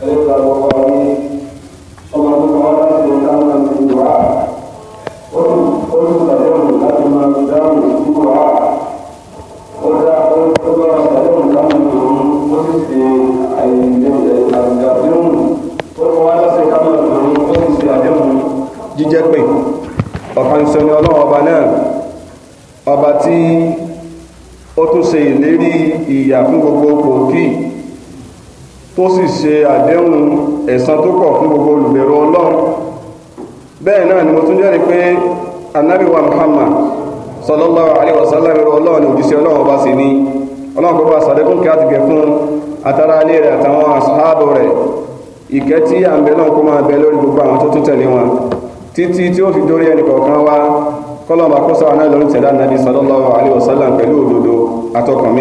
Gracias. tó sì ṣe àdéhùn ẹ̀san tó kọ̀ fún gbogbo olùbẹ̀rù ọlọ́run bẹ́ẹ̀ náà ni mo tún jẹ́rìí pé anabi wa muhammad sallallahu alayhi wa sallam ọlọ́run ni òjíṣẹ́ ọlọ́run ọba sì ni ọlọ́run kó bá sàdékùn kí á ti gẹ̀ fún atara ilé rẹ̀ àtàwọn àṣàbò rẹ̀ ìkẹ́ tí à ń bẹ náà kó máa bẹ lórí gbogbo àwọn tó tún tẹ̀lé wọn títí tí fi dórí ẹnì kọ̀ọ̀kan wá kọ́lọ́mà kó sáwọn náà lórí nàbí wa sallam pẹ̀lú òdodo àtọkàn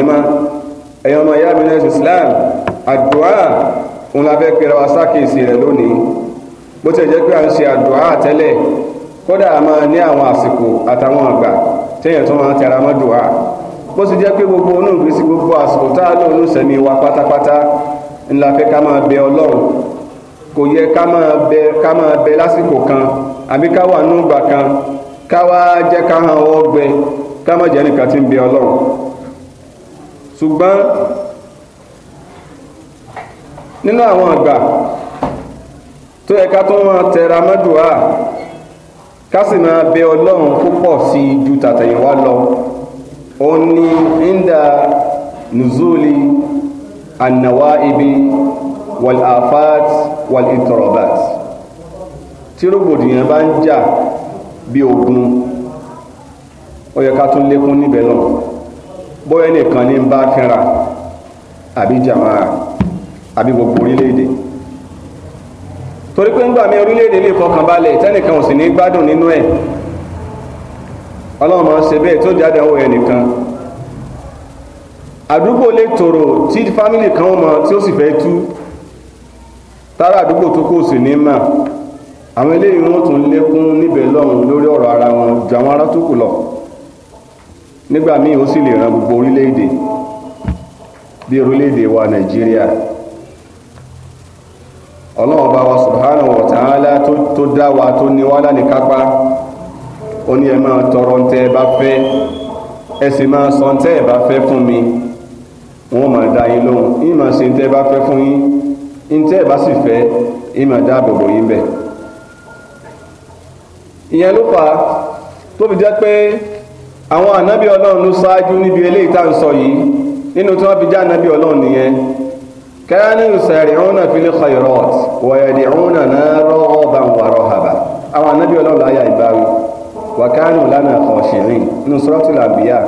àdúà òun la fẹ́ pera wa sákèsì rẹ̀ lónìí bó ti jẹ́ pé à ń ṣe àdúà tẹ́lẹ̀ kódà a máa ní àwọn àsìkò àtàwọn àgbà téèyàn tó máa ń tẹra mọ́ dùà bó ti jẹ́ pé gbogbo onú ìgbésí gbogbo àsìkò tá a lò ní sẹ́mi wa pátápátá ńlá fẹ́ ká máa bẹ ọlọ́run kò yẹ ká máa bẹ ká máa bẹ lásìkò kan àbí ká wà núgbà kan ká wá jẹ́ ká hàn ọ́ ká má jẹ́ nìkan tí ń bẹ ọlọ́run ṣùgbọ́n nínú àwọn àgbà tó yẹ ká tó máa tẹra mọ́dùá ká sì máa bẹ ọlọ́run púpọ̀ sí i ju tàtẹ̀yìnwá lọ òun ni inda nùzúlì ànàwá ibi wàlàfáàt wàlìtọ̀rọ̀bàt tí rògbòdìyàn bá ń jà bí ogun ó yẹ ká tún lékún níbẹ̀ náà bóyá nìkan ní bá kẹ́ra àbí jàmáà àbí gbogbo orílẹ̀-èdè torí pé ńgbà mi orílẹ̀-èdè lè fọkàn balẹ̀ tẹ́nìkan ò sì ní gbádùn nínú ẹ̀ ọlọ́run máa ń ṣe bẹ́ẹ̀ tó jáde àwọn ẹnìkan àdúgbò lè tòrò tí fámìlì kan mọ tí ó sì fẹ́ tú tára àdúgbò tó kò sí ní mà àwọn eléyìí wọn tún lékún níbẹ̀ lọ́hùn lórí ọ̀rọ̀ ara wọn ju àwọn ará tó kù lọ nígbà míì ó sì lè ran gbogbo orílẹ̀-èdè bí orílẹ̀-èdè wa Nàìjíríà ọlọ́run bá wa subhanahu wa ta'ala tó dá wa tó ní kápá ó ẹ máa tọrọ ntẹ ẹ bá fẹ́ ẹ sì máa sọ ntẹ ẹ bá fẹ́ fún mi wọn máa da yín lóhùn yín máa ṣe ntẹ ẹ bá fẹ́ fún yín ntẹ ẹ bá sì fẹ́ yín máa yín bẹ̀. ìyẹn ló fà á jẹ́ pé àwọn ànábì ọlọ́run ló ṣáájú níbi eléyìí tá à kanu yusari'una fil khayrat wa yad'unana raghaban wa rahaba àwọn anábì ọlọ́run láyà ìbáwí wa kanu lana khashi'in nínú suratul anbiya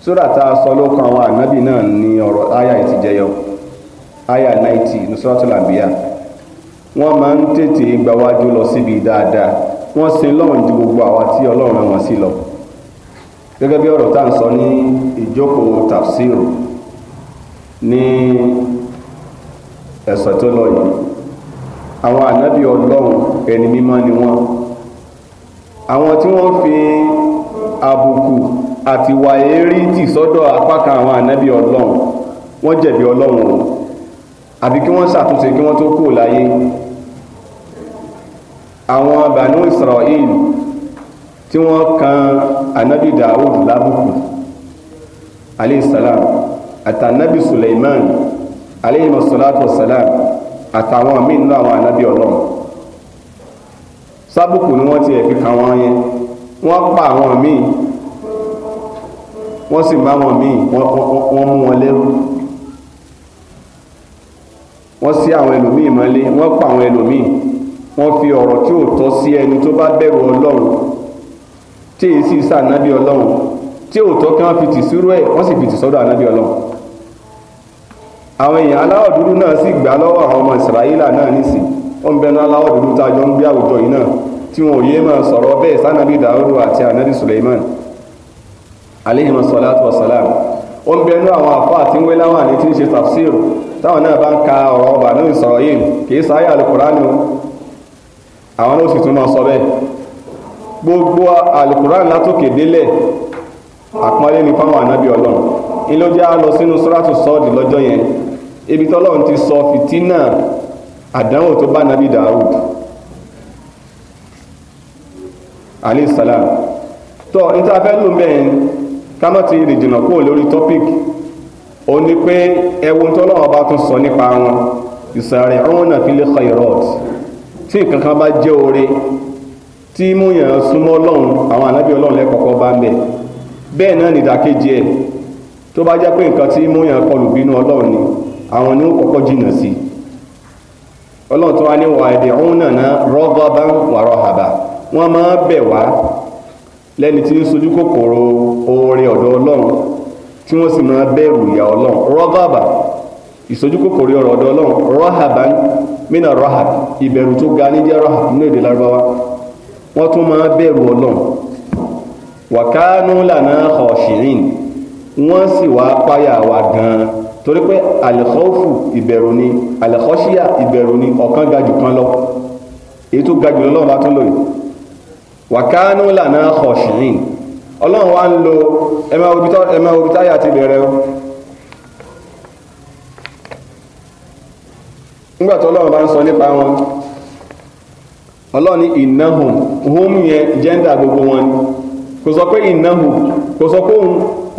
sura tá a sọ lókun àwọn anábì náà ní ọ̀rọ̀ láyà ìtìjẹyọ aya 90 nínú suratul anbiya wọ́n máa ń tètè gbáwájú lọ síbi dáadáa wọ́n sin lọ́run ju gbogbo àwa tí ọlọ́run wọn sí lọ gẹ́gẹ́ bí ọ̀rọ̀ tá ń sọ ní ìjókòó tafsir ní ẹ̀sán tó lọ yìí àwọn ànábì ọlọ́run ẹni mímọ́ ni wọ́n àwọn tí wọ́n fi àbùkù àti wàyérí tì sọ́dọ̀ apá kan àwọn ànábì ọlọ́run wọ́n jẹ̀bi ọlọ́run o àbí kí wọ́n ṣàtúnṣe kí wọ́n tó kú láyé àwọn Banu Israel tí wọ́n kan ànábì Dawud lábùkù alayhi salam àtànábì Suleiman aleyhi masalatu wasalam àtàwọn míì nínú àwọn ànábì ọlọ́run sábùkù ni wọ́n ti ẹ̀ fi kà wọ́n yẹn wọ́n pa àwọn míì wọ́n sì bá wọn míì wọ́n mú wọn lẹ́rú wọ́n sí àwọn ẹlòmíì mọ́lé wọ́n pa àwọn ẹlòmíì wọ́n fi ọ̀rọ̀ tí ò tọ́ sí ẹni tó bá bẹ̀rù ọlọ́run tí èyí sì sànábì ọlọ́run tí ò tọ́ kí wọ́n fi tì sírú ẹ̀ wọ́n sì fi tì sọ́dọ̀ ànábì ọlọ́run. àwọn èèyàn aláwọ̀ dúdú náà sì gbà lọ́wọ́ àwọn ọmọ ìsìráyílà náà nìsí ó ń bẹnu aláwọ̀ dúdú tá a jọ ń gbé àwùjọ yìí náà tí wọn ò yé máa sọ̀rọ̀ bẹ́ẹ̀ sánàbí dàúdù àti suleiman aleyhi ó ń bẹnu àwọn afọ àti ń wé láwọn àní tí ń ṣe tafsir táwọn náà bá ń ka ọ̀rọ̀ ọba náà àwọn náà sì sọ bẹ́ẹ̀ gbogbo látòkè délẹ̀ àpọ́nlé ni fáwọn anabi ọlọ́run ibi tọ́lọ́run ti sọ fìtínà àdánwò tó bá nabi Dawud alayhi salam tọ́ níta fẹ́ lò bẹ́ẹ̀ kámọ́ ti rìn jìnnà kúrò lórí topic ó ní pé ẹwọ́n tọ́lọ́run bá tún sọ nípa wọn yusari'una fil khairat tí nǹkan kan bá jẹ́ oore tí múyàn súnmọ́ ọlọ́run àwọn ànábì ọlọ́run lẹ́kọ̀ọ́kọ́ bá ń bẹ̀ bẹ́ẹ̀ náà nìdákejì ẹ̀ tó bá jẹ́ pé nǹkan tí múyàn kọlù bínú ọlọ́run ni àwọn ni ó kọ́kọ́ sí ọlọ́run tó wá ní wà èdè ọ̀hún náà na ragaban wa rahaba wọ́n máa bẹ̀ wá lẹ́ni tí ń sojú kòkòrò oore ọ̀dọ̀ ọlọ́run tí wọ́n sì máa bẹ̀rù ìyà ọlọ́run ragaba ìsojú kòkòrò ọ̀rọ̀ mina ìbẹ̀rù tó ga ní jẹ́ nínú èdè lárúbáwá wọ́n tún máa bẹ̀rù ọlọ́run wa lana wọ́n sì wá páyà wa gan torí pé àlẹ́kọ́ọ̀fù ìbẹ̀rù ni àlẹ́kọ́ṣíà ìbẹ̀rù ni ọ̀kan ga kan lọ èyí tó ga jù bá tún lò wàkánú lànà ọlọ́run wa ń lo ẹ̀mẹ́ obìtáyà ti bẹ̀rẹ̀ o nígbà tó ọlọ́run bá ń sọ nípa wọn ọlọ́run ní ìnáhùn hum yẹn jẹ́ndà gbogbo wọn kò sọ pé ìnáhùn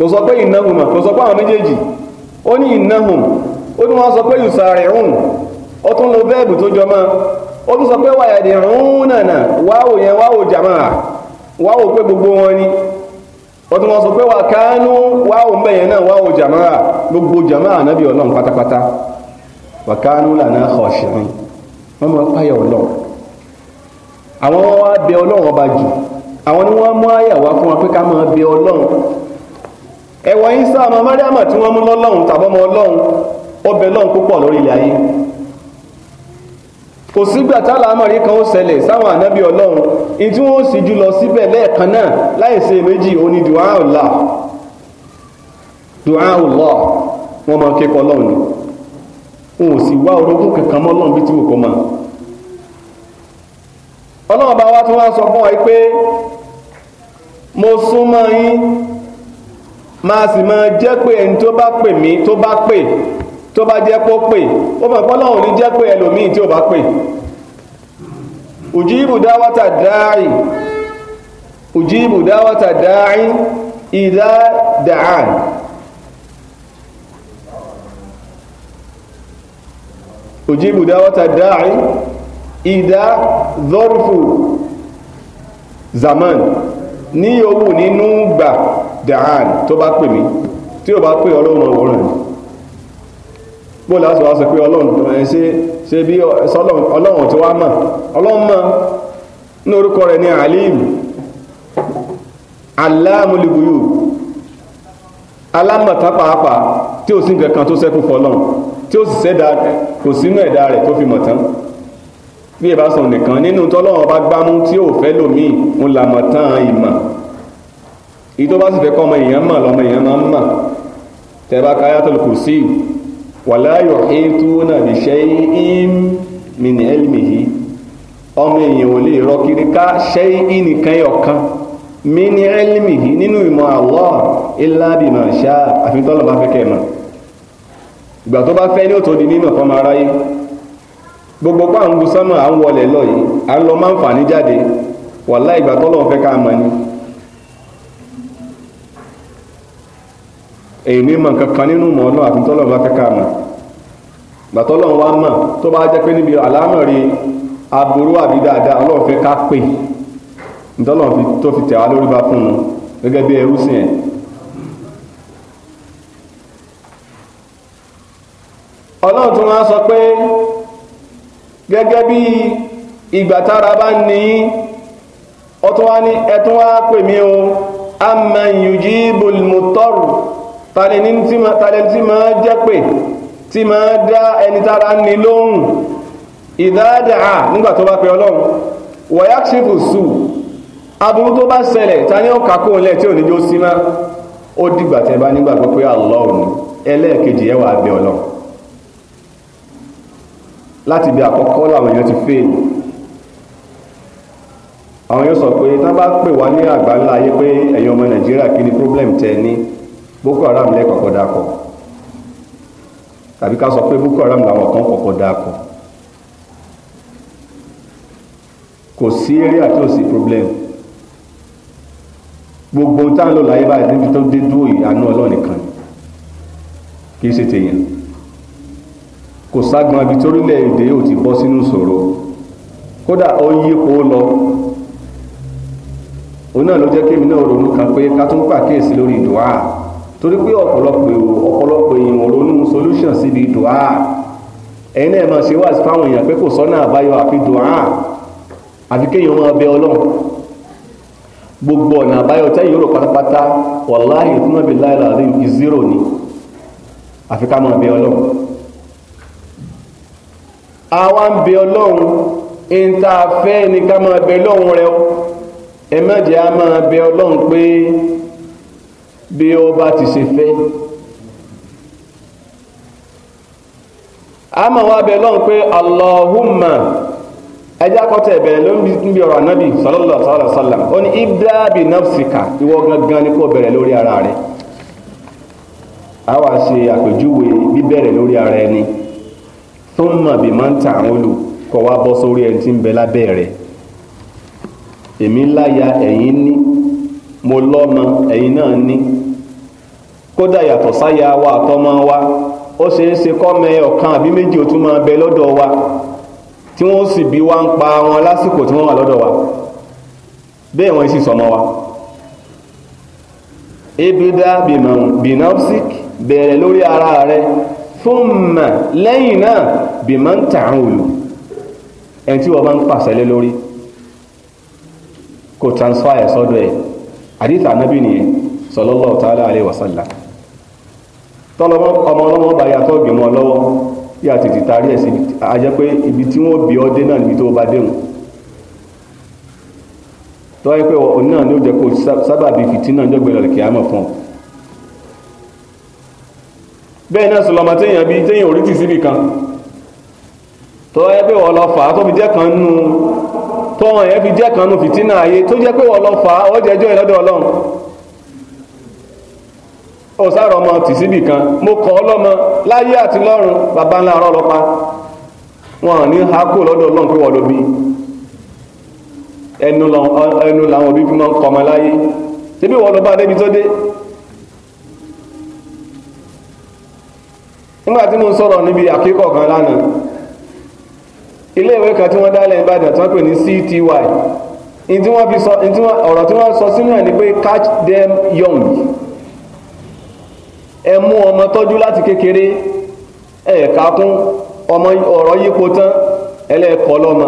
kò sọ pé ìnáhùn ó ní ìnáhùn ó tún wọ́n sọ pé yùsàrìún ó tún lo bẹ́ẹ̀bù tó jọmọ́ ó tún sọ pé wàyàdì rún nànà wáwò yẹn wáwò jàmáà wáwò pé gbogbo wọn ni ó tún wọ́n sọ pé wàkánú wáwò ń bẹ̀yẹn náà wáwò jàmáà gbogbo jàmáà nábì ọlọ́run pátápátá wàkánú lànà khashi'in wọ́n máa páyà ọlọ́run àwọn wọn wá bẹ ọlọ́run ọba jù àwọn ni wọ́n mú àyà wá fún wa pé ká ẹ̀wọ̀ Ìsá ọmọ Máríàmà tí wọn mú lọ́lọ́run tàbọ́mọ ọlọ́run ó bẹ lọ́run púpọ̀ lórí ilẹ̀ ayé kò sígbà tálà àmọ̀rí kan ó ṣẹlẹ̀ sáwọn ànábì ọlọ́run in tí wọ́n sì jù lọ síbẹ̀ lẹ́ẹ̀kan náà láìsí méjì ó ní dùá Allah dùá Allah wọ́n máa ké kọ́ lọ́run ni wọn ò sì wá orogún kankan mọ́ lọ́run bí tí wò kọ́ máa ọlọ́run bá wá tí wọ́n sọ fún ọ pé mo sún mọ́ yín máa sì máa jẹ́ pé ẹni tó bá pè mí tó bá pè tó bá jẹ́ pé pè ó mọ̀ pé ọlọ́run ní jẹ́ pé ẹlòmíì tí ò bá pè ujibu dáwọ́tà zaman ní nínú gbà da'an tó bá pè mí tí ó bá pè ọlọ́run ọ̀wọ́ràn ni bó lásìkò wá sọ pé ọlọ́run ẹ ṣe ṣe bí ọlọ́run tí wàá mọ̀ ọlọ́run mọ̀ ní orúkọ rẹ̀ ní alim aláàmúlùgbùyù alámọ̀tá pàápàá tí ó sì nǹkan kan tó sẹ́kù fọlọ́run tí ó sì sẹ́dá kò sínú ẹ̀dá rẹ̀ tó fi mọ̀ tán bí ẹ bá sọ nìkan nínú tọ́lọ́run bá gbámú tí ò fẹ́ lòmíì ń làmọ̀ tán ìmọ̀ ìtọ́ bá sì fẹ́ kọ́ ọmọ èèyàn mọ̀ lọ́mọ èèyàn máa ń mọ̀ tẹ́ bá ka Ayatul Kursi wala yuhituna bi shay'in min ilmihi ọmọ èèyàn ò lè rọ kiri ká shay'in nìkan ọ̀kan min ilmihi nínú ìmọ̀ Allah illa bima sha'a àfi tọ́lọ̀ bá fẹ́ kẹ́ mọ̀ ìgbà tó bá fẹ́ ní òtò di mímọ̀ fọmọ aráyé gbogbo pa à ń wọlé lọ yìí à ń lọ máa ń fà ní jáde wàlá ìgbà tọ́lọ̀ fẹ́ ká mọ̀ ni èyí ní mọ̀ nǹkan nínú mọ̀ náà àti tọ́lọ̀ bá kẹ́kẹ́ àmọ̀ bàtọ́ lọ́n wá mọ̀ tó bá jẹ́ pé níbi àlámọ̀rí aburú àbí dáadáa ká pè tó fi tẹ̀ wá lórí bá fún un gẹ́gẹ́ bí ẹrú sìn ẹ̀ ọlọ́run tó máa sọ pé gẹ́gẹ́ bí ìgbà tára bá ní yujibul tani tí máa jẹ́ pé tí máa dá ẹni tára ní lóhùn ìdáadáa nígbà tó bá pe ọlọ́run wọ̀yáṣífù sù aburú tó bá sẹlẹ̀ tani ó kàkó tí ò ní sí ó dìgbà tẹ́ bá pé ẹlẹ́ẹ̀kejì ẹwà sọ pé tá bá pè wá ní ayé pé ọmọ Nàìjíríà kí problem tẹ ní boko haram lẹ́kọ̀ọ́kọ́ dákọ̀ tàbí ká sọ pé boko haram làwọn kan kọ̀ọ̀kan dákọ̀ kò sí eré àti òsì problem gbogbo tá ń lò láyé báyìí níbi tó dé dúró yìí àánú ọlọ́ọ̀nì kan kì í ṣe tèèyàn kò ságbọn ibi torílẹ̀-èdè yóò ti bọ́ sínú ìṣòro kódà ó yípo lọ òun náà ló jẹ́ kí èmi náà ronú kan pé ká tún pàkíyèsí lórí dùá torí pé ọ̀pọ̀lọpọ̀ èrò ọ̀pọ̀lọpọ̀ èèyàn ronú solution síbi dùá ẹ̀yin náà máa ṣe wá sí fáwọn èèyàn pé kò sọ́nà àbáyọ àfi dùá àfi kéèyàn máa bẹ ọlọ́run gbogbo ọ̀nà àbáyọ tẹ́yìn rò pátápátá wàláhì ìfúnnábì láìláàrí ìzírò ni àfi ká máa bẹ ọlọ́run àwa ń bẹ ọlọ́run ń ni ká máa bẹ ọlọ́run rẹ ẹ má máa bẹ ọlọ́run pé bí ó bá ti ṣe fẹ́ a máa wá bẹ lọ́n pé allahumma ẹjá kọ́tẹ̀ ìbẹ̀rẹ̀ ló ń bí ọ̀rọ̀ anábì sallallahu alaihi wasallam ó ní ibda bi nafsika ìwọ gangan ni kò bẹ̀rẹ̀ lórí ara rẹ̀ a wá ṣe àpèjúwe bíbẹ̀rẹ̀ lórí ara ẹni thumma bi man ta'ulu kọ́ wá bọ́ sórí ẹni tí ń bẹ lábẹ́ rẹ̀ èmi láya ẹ̀yin ní mo lọ́mọ ẹ̀yin náà ní kódà yàtọ̀ sáyà wa àtọmọ wa ó ṣe é ṣe kọ́mọ ọ̀kan àbí méjì ó tún máa bẹ lọ́dọ̀ wa tí wọ́n sì bí wa ń pa wọn lásìkò tí wọ́n wà lọ́dọ̀ wa bẹ́ẹ̀ wọ́n sì sọmọ wa. ebida binafsik bẹ̀rẹ̀ lórí ara rẹ fún mà lẹ́yìn náà bìmọ̀ ń tàn òlù ẹni tí wọ́n bá ń pàṣẹ lé lórí kò transfer ẹ̀ sọ́dọ̀ ẹ̀ àdìtà anábì nìyẹn sallallahu ta'ala alayhi wa tọ́lọ́mọ ọmọ ọlọ́mọ bá yàtọ̀ gbìmọ̀ lọ́wọ́ bí a tètè taari ẹ̀ sí ajẹ́ pé ibi tí wọ́n bí dé náà níbi tó o bá dé wọn. tọ́ ẹ pé òun náà ní ó jẹ́ kó sábàbí fìtínà jọ́gbẹ́ lọ́lẹ̀ kìá mọ̀ fún ọ bẹ́ẹ̀ náà sọlọmọ téèyàn bí téèyàn ò rí tì síbì kan tọ́ ẹ pé wọ́n lọ fà á tó fi jẹ́ kan nù tọ́wọ́n yẹn fi jẹ́ kan nù fìtínà ayé tó jẹ́ pé wọ́n lọ fà á ó jẹ́jọ́ ìlọ́dọ̀ ọlọ́run ọ̀sáàrọ̀ ọmọ tì síbì kan mo kọ́ ọ lọ́mọ láyé àti lọ́run bàbá ńlá arọ́ lọ́pa wọn ní hákò lọ́dọ̀ ọlọ́run pé wọ́n ló bí ẹnu làwọn òbí fi máa ń kọ́ ọmọ láyé ṣébí wọ́n lọ bá débi tó dé nígbà tí mo ń sọ̀rọ̀ níbi àkíkọ̀ kan lánàá tí wọ́n dálẹ̀ Ìbàdàn tí pè ní CTY ọ̀rọ̀ tí wọ́n sọ sínú ẹ̀ ni pé catch them young ẹ mú ọmọ tọ́jú láti kékeré ẹ̀ẹ̀ka kún ọmọ ọ̀rọ̀ yípo tán ẹlẹ́ẹ̀kọ́ lọ́mọ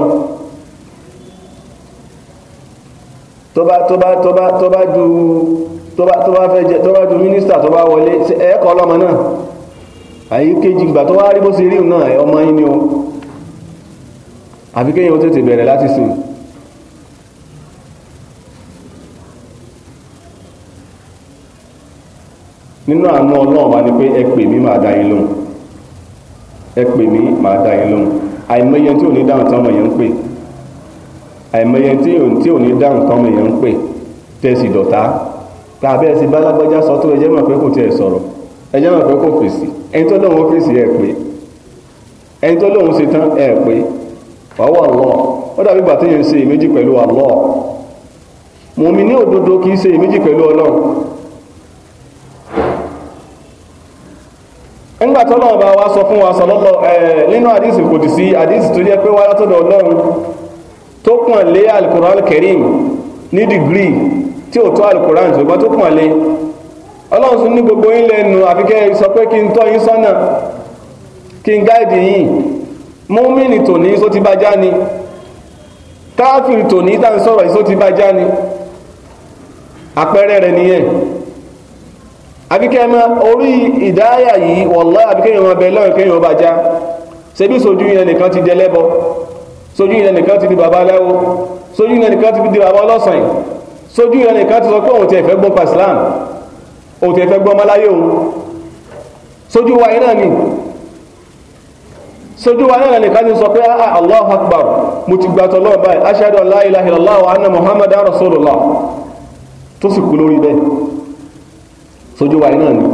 tó bá tó bá tó bá tó bá ju tó bá tó bá fẹ́ jẹ tó bá ju mínísítà tó bá wọlé ẹ̀ẹ́kọ́ lọ́mọ náà àyí kéjì ìgbà tó wá rí bó ṣe rí ọmọ yín ni o àfi ó tètè bẹ̀rẹ̀ láti sìn nínú àánú ọlọ́run wa ni pé ẹ pè mí màá dá yín lóhùn ẹ pè mí màá dá yín lóhùn àìmọye tí ò ní dáhùn táwọn èèyàn ń pè àìmọye tí ò ní dáhùn táwọn èèyàn ń pè tẹ̀sí dọ̀tá tàbí ẹ̀sìn bálágbájá sọ tó ẹjẹ́ mọ̀ pé kò tiẹ̀ sọ̀rọ̀ ẹjẹ́ mọ̀ pé kò fèsì ẹni tó lóun fèsì ẹ̀ pé ẹni tó lóun ṣe tán ẹ̀ pé wàá Allah ó dàbí ìgbà téèyàn ń ṣe èméjì pẹ̀lú Allah mùmí ní òdodo kì í ṣe èméjì pẹ̀lú ọlọ́run nígbà tó lọ́wọ́ bá wa sọ fún wa sọ lọ́lọ́ nínú àdísì kò dì sí àdísì tó jẹ́ pé wá látọ̀dọ̀ ọlọ́run tó pọ̀n lé alukoran kerim ní dìgírì tí ò tó alukoran ṣùgbọ́n tó pọ̀n lé ọlọ́run tún ní gbogbo yín lẹ́nu àfi kẹ́ sọ pé kí n tọ́ yín sọ́nà kí n gáìdì yín múmínì tòní só ti bá já ni káfíìn tòní tá à ń sọ̀rọ̀ yìí só ti bá já ni àpẹẹrẹ rẹ̀ nìyẹn àbíkẹ́ ẹmọ orí ìdáyà yìí wọ̀lá àbíkẹ́ ìwọ̀n ọbẹ̀ lọ́rùn kẹ́yìn ọba já ṣebí sojú yẹn nìkan ti jẹlẹ́bọ sojú yẹn nìkan ti di bàbá aláwo sojú yẹn nìkan ti di bàbá ọlọ́sàn yìí sojú yẹn nìkan ti sọ pé òun ti ẹ̀fẹ́ gbọ́ pàṣílám òun ti ẹ̀fẹ́ gbọ́ ọmọláyé òun sojú wa iná ni sojú wa iná nìkan ti sọ pé ah, ah Allahu Akbar mo ti gbàtọ̀ lọ́wọ́ báyìí ashhadu an anna Muhammadan rasulullah tó sì kú lórí bẹ́ẹ̀ sójú wa iná ni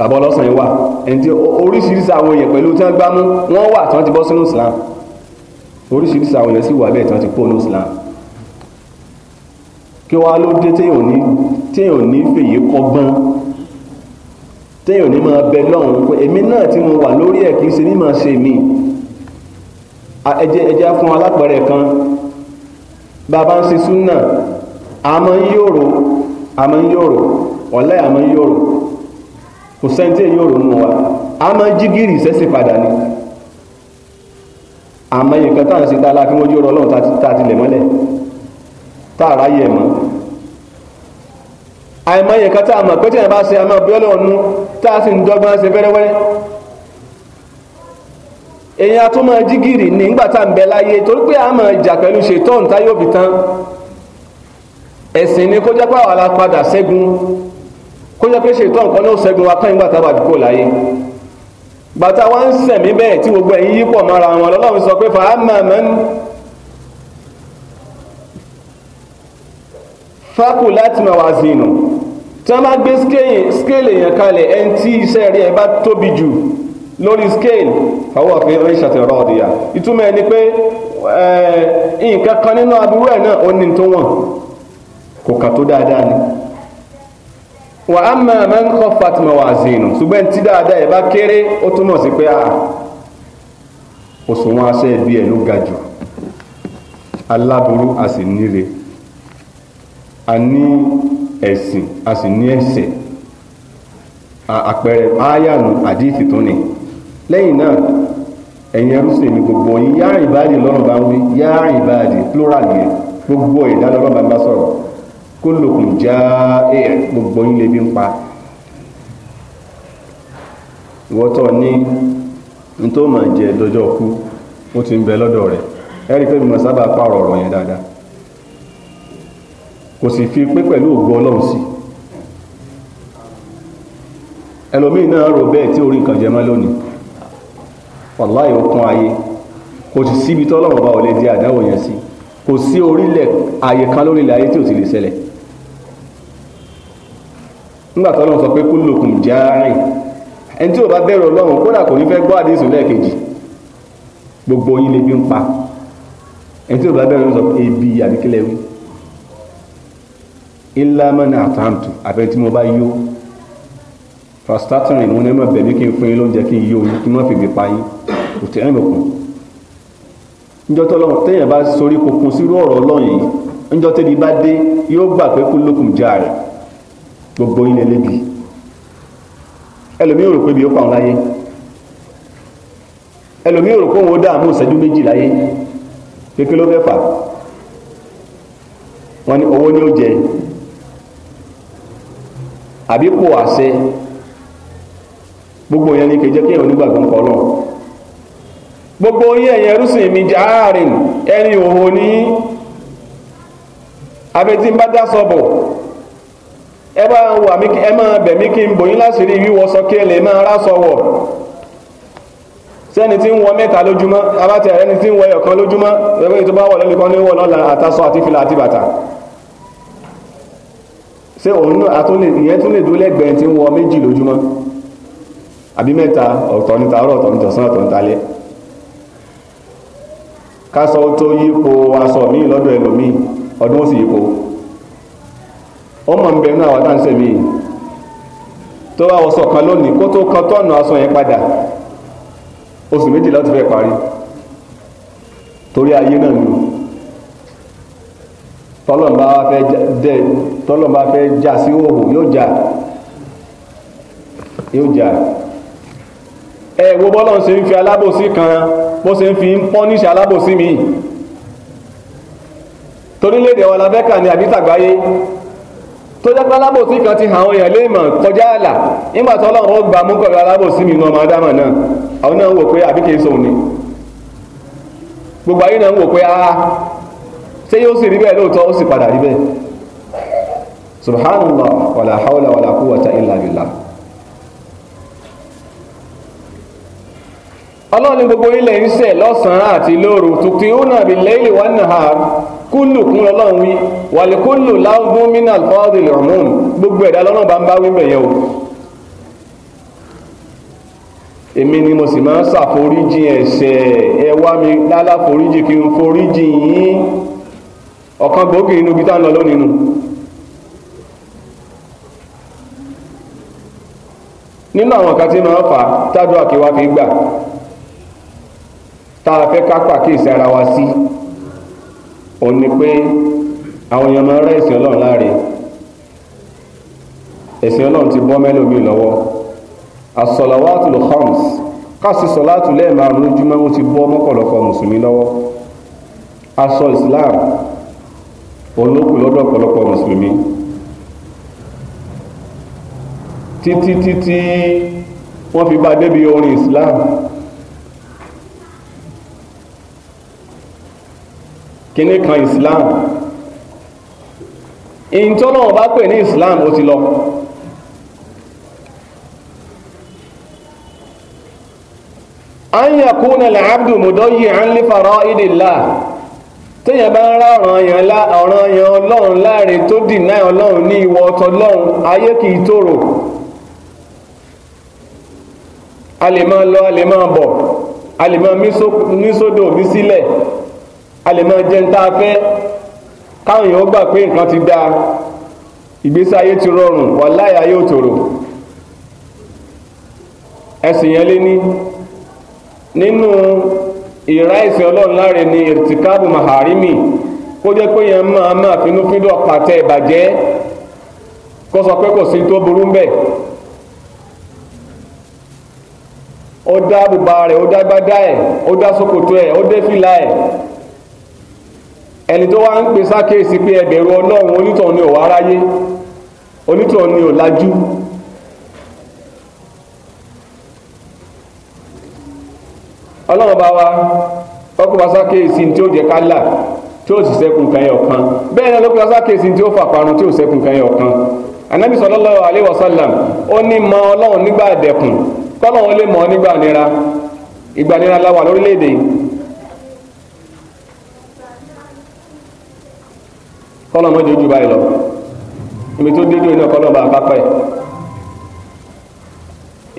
bàbá ọlọ́sàn yìí wà ẹni tí oríṣiríṣi àwọn èèyàn pẹ̀lú tí wọ́n gbá mú wọ́n wà tí wọ́n ti bọ́ sínú Islam oríṣiríṣi àwọn èèyàn sì wà bẹ́ẹ̀ tí wọ́n ti kó ní Islam kí wá ló dé téèyàn ní téèyàn ní fèyí kọ́gbọ́n téèyàn ní máa bẹ lọ́hùn pé èmi náà tí mo wà lórí ẹ̀ kì í ṣe ní máa ṣe mí ẹjẹ́ ẹjẹ́ fún alápẹ̀rẹ̀ kan bàbá ń ṣe súnà àmọ́ ń àmọ́ ń ọ̀lẹ́ àmọ́ yòrò kò sẹ́ńtì yòrò nù wa àmọ́ jígìrì sẹ́sì padà ni àmọ́ ìkan táà ń ṣe dáadáa kí wọ́n jòrò ọlọ́run tá a ti lẹ̀ mọ́lẹ̀ tá a ráyè mọ́ àìmọ́ ìkan táà mọ̀ pé tí wọ́n bá ṣe àmọ́ bí ọlọ́run nú tá a sì ń dọ́gbọ́n ṣe fẹ́rẹ́wẹ́rẹ́ èyàn tó máa jí gìrì nígbà tá à ń bẹ láyé torí pé a máa jà pẹ̀lú ṣètọ́n táyọ̀bì ẹ̀sìn ni kó jẹ́ pé àwa la ṣẹ́gun kó jẹ́ pé ṣètò nǹkan náà ṣẹ́gun wa tán nígbà tá a bá dúkò láyé bàtà wa ń sẹ̀mí bẹ́ẹ̀ tí gbogbo ẹ̀yìn yípọ̀ mọ́ra wọn lọ́lọ́run sọ pé fàámà mẹ́n fákù láti mọ̀ wá sí inú tí wọ́n bá gbé scale yẹn kalẹ̀ ẹni tí iṣẹ́ rí ẹ bá tóbi jù lórí scale fàwọ́ pé orí ṣàtẹ̀rọ̀ ọ̀dìyà ìtumọ̀ ẹni pé nǹkan kan nínú aburú ẹ̀ náà ó ní tó wọ̀n kò kà tó dáadáa ni wà á mọ ẹ̀ máa ń kọ́ fatima wà zinu ṣùgbọ́n tí dáadáa ẹ̀ bá kéré ó túmọ̀ sí pé ah, òṣùwọ̀n aṣẹ́ ẹbí ẹ̀ ló ga jù aláburú a sì níre a ní ẹ̀sìn a sì ní ẹ̀sẹ̀ àpẹẹrẹ ayanu àdíìtì tó ní lẹ́yìn náà ẹ̀yin ẹrúsìn mi gbogbo yín yáàrìn báàdì lọ́rùn bá ń wí yáàrìn báàdì plural yẹn gbogbo ìdálọ́rùn bá ń bá sọ̀rọ̀ kólókùn já èèyàn gbogbo yín bí ń pa ìwọ́tọ̀ ní tó jẹ dọjọ́ kú ó ti ń bẹ lọ́dọ̀ rẹ̀ ẹ̀rí pé mímọ̀ sábà pààrọ̀ ọ̀rọ̀ yẹn dáadáa kò sì fi pé pẹ̀lú ògo ọlọ́run sí ẹlòmíì náà rò bẹ́ẹ̀ tí orí nǹkan lónìí wàláì ayé kò sì síbi ò lè di àdáwò yẹn sí kò sí orílẹ̀ nígbà tó lọ́wọ́ sọ pé kullukum jaarin ẹni tí ò bá bẹ̀rù ọlọ́run kódà kò ní fẹ́ gbọ́ àdéhùn lẹ́ẹ̀kejì gbogbo yín lebi ń pa ẹni tí ò bá bẹ̀rù ọlọ́run sọ ebi àbíkílẹ̀ wí illa man at'amtu àbẹ̀ tí mo bá yó prostatin wọn ní ma bẹ̀mí kí n fún yín lóúnjẹ kí n yí oyin kí n má fi bí pa yín kò tẹ́ ẹ̀mí kù níjọ́ tó lọ́wọ́ téèyàn bá sorí kokun sírú ọ̀rọ̀ ọlọ́run yìí níjọ́ tẹ́bi bá dé yóò gbà pé kullukum jaarin gbogbo yín lébi ẹlòmí òrò pé bí ó pàun láyé ẹlòmí òrò pé òun ó dáàmú ìṣẹ́jú méjì láyé kékeré ló fẹ́ fà wọ́n owó ní ó jẹ àbí kò àṣẹ gbogbo yẹn ní kejẹ́ kí èèyàn ń kọ́ gbogbo yín ẹ̀yin mi jáàrin ẹni òhò ní abẹ́tí ń bá dá sọ́bọ̀ ẹ bá wà mí ẹ máa bẹ̀ mí kí n bòyín láṣìírí wíwọ sọ kí ẹ lè máa rásọ wọ̀ sẹ́ni tí ń wọ mẹ́ta lójúmọ́ abáti ẹni tí ń wọ ẹ̀yọ̀kan lójúmọ́ ẹgbẹ́ ètò bá wọ̀ lọ́lẹ́ kan ní wọ̀ lọ́la àtàsọ àti fìlà àti bàtà ṣé òun náà àtúnlẹ̀ ìyẹn tún lè dúró lẹ́gbẹ̀ẹ́ tí ń wọ méjì lójúmọ́ àbí mẹ́ta ọ̀tọ̀ níta ọ̀rọ̀ ọ̀tọ̀ níta ọ̀sán ọ̀tọ̀ níta lẹ́ kásọ̀ tó yípo aṣọ míì lọ́dọ̀ ẹlòmíì ọdún ó sì yípo ọmọ ń bẹ náà wà tá ń sẹ́mi yìí tó wá ọsọ kan lónìí kó tó kan tọ́ọ̀nù aṣọ yẹn padà oṣù méjìlá ó ti fẹ́ parí torí ayé náà ni tọ́lọ́mbà fẹ́ dẹ tọ́lọ́mbà fẹ́ já sí òhò yóò já yóò já ẹ wo bọ́lọ̀ ṣe ń fi alábòsí kan bó ṣe ń fi pọ́níṣẹ́ alábòsí mi torílẹ̀-èdè ọ̀làbẹ́kà ni àbí tàgbáyé tó jẹ́ pé alábòsí kan ti hàn àwọn èèyàn léèmọ̀ kọjá àlà nígbà tó ọlọ́run ó gbà mú kọ̀wé alábòsí mi nu ọmọ adámà náà àwọn náà ń wò pé àbí kìí náà billah. ọlọ́run ní gbogbo ilẹ̀ ń sẹ̀ lọ́sàn-án àti lóru tùtù ìhùnà bí lẹ́yìn wà náà kúlù kún ọlọ́run wí wàlíkúlù láwùgún mínà fọ́ọ̀dì lọ́mùn gbogbo ẹ̀dá lọ́nà bá ń bá wíbẹ̀ yẹn o. èmi ni mo sì máa ń ṣàforíjì ẹ̀ṣẹ̀ ẹ mi lálàforíjì kí n foríjì yín ọ̀kan gbòógì inú bí tá ń lọ nínú àwọn kan tí máa ń fà á tádùn àkíwá fi gbà tá a fẹ́ ká pàkíyèsí ara wa sí òun ni pé àwọn èèyàn máa ń rẹ́ ìsìn ọlọ́run láre ìsìn ọlọ́run ti bọ́ mẹ́lòmíì lọ́wọ́ as-salawatul khams káàsì sọ̀látù lẹ́ẹ̀márùn lójúmọ́ ó ti bọ́ mọ́kànlọ́kọ̀ mùsùlùmí lọ́wọ́ aṣọ islam olókùn lọ́dọ̀ ọ̀pọ̀lọpọ̀ mùsùlùmí títí títí wọ́n fi bá débi orin islam. kíní kan islam ìntọ́lọ́wọ́ bá pè ní islam ó ti lọ an yakuna al-abdu mudayyi'an li fara'idillah téèyàn bá ń rá ọ̀ràn yẹn ọlọ́run láàrin tó dìná ọlọ́run ní ìwọ ọ̀tọ̀lọ́run ayé kì í tòrò a lè máa lọ a lè máa bọ̀ a lè máa mí sódò mí sílẹ̀ a lè máa jẹ ń tá a fẹ́ káwọn gbà pé nǹkan ti da ìgbésí ayé ti rọrùn wàláhì ayé ò tòrò ẹ̀sìn lé ní nínú ìrá ìsìn ọlọ́run láre ni ìrìtìkáàbù màhàrímì kó jẹ́ pé yẹn máa máa kó sọ pé kò sí tó burú rẹ̀ ó dá gbádá ó dá ó dé fìlà ẹni tó wá ń pè sákèsí pé ẹ ọlọ́run ni ò wá ráyé onítọ̀hún ni ò lajú ọlọ́run bá wa sákèsí tí ó jẹ kálà tí ó sì sẹ́kùn kan ọ̀kan bẹ́ẹ̀ ni sákèsí tí ó fà parun tí ó sẹ́kùn kan anabi ó ní mọ ọlọ́run nígbà dẹ̀kùn kọ́lọ́run nira ìgbà nira la wà lórílẹ̀‐èdè kọ́lọ̀ mọ́ dojú báyìí lọ ibi tó dédé náà kọ́lọ̀ bá pápá ẹ̀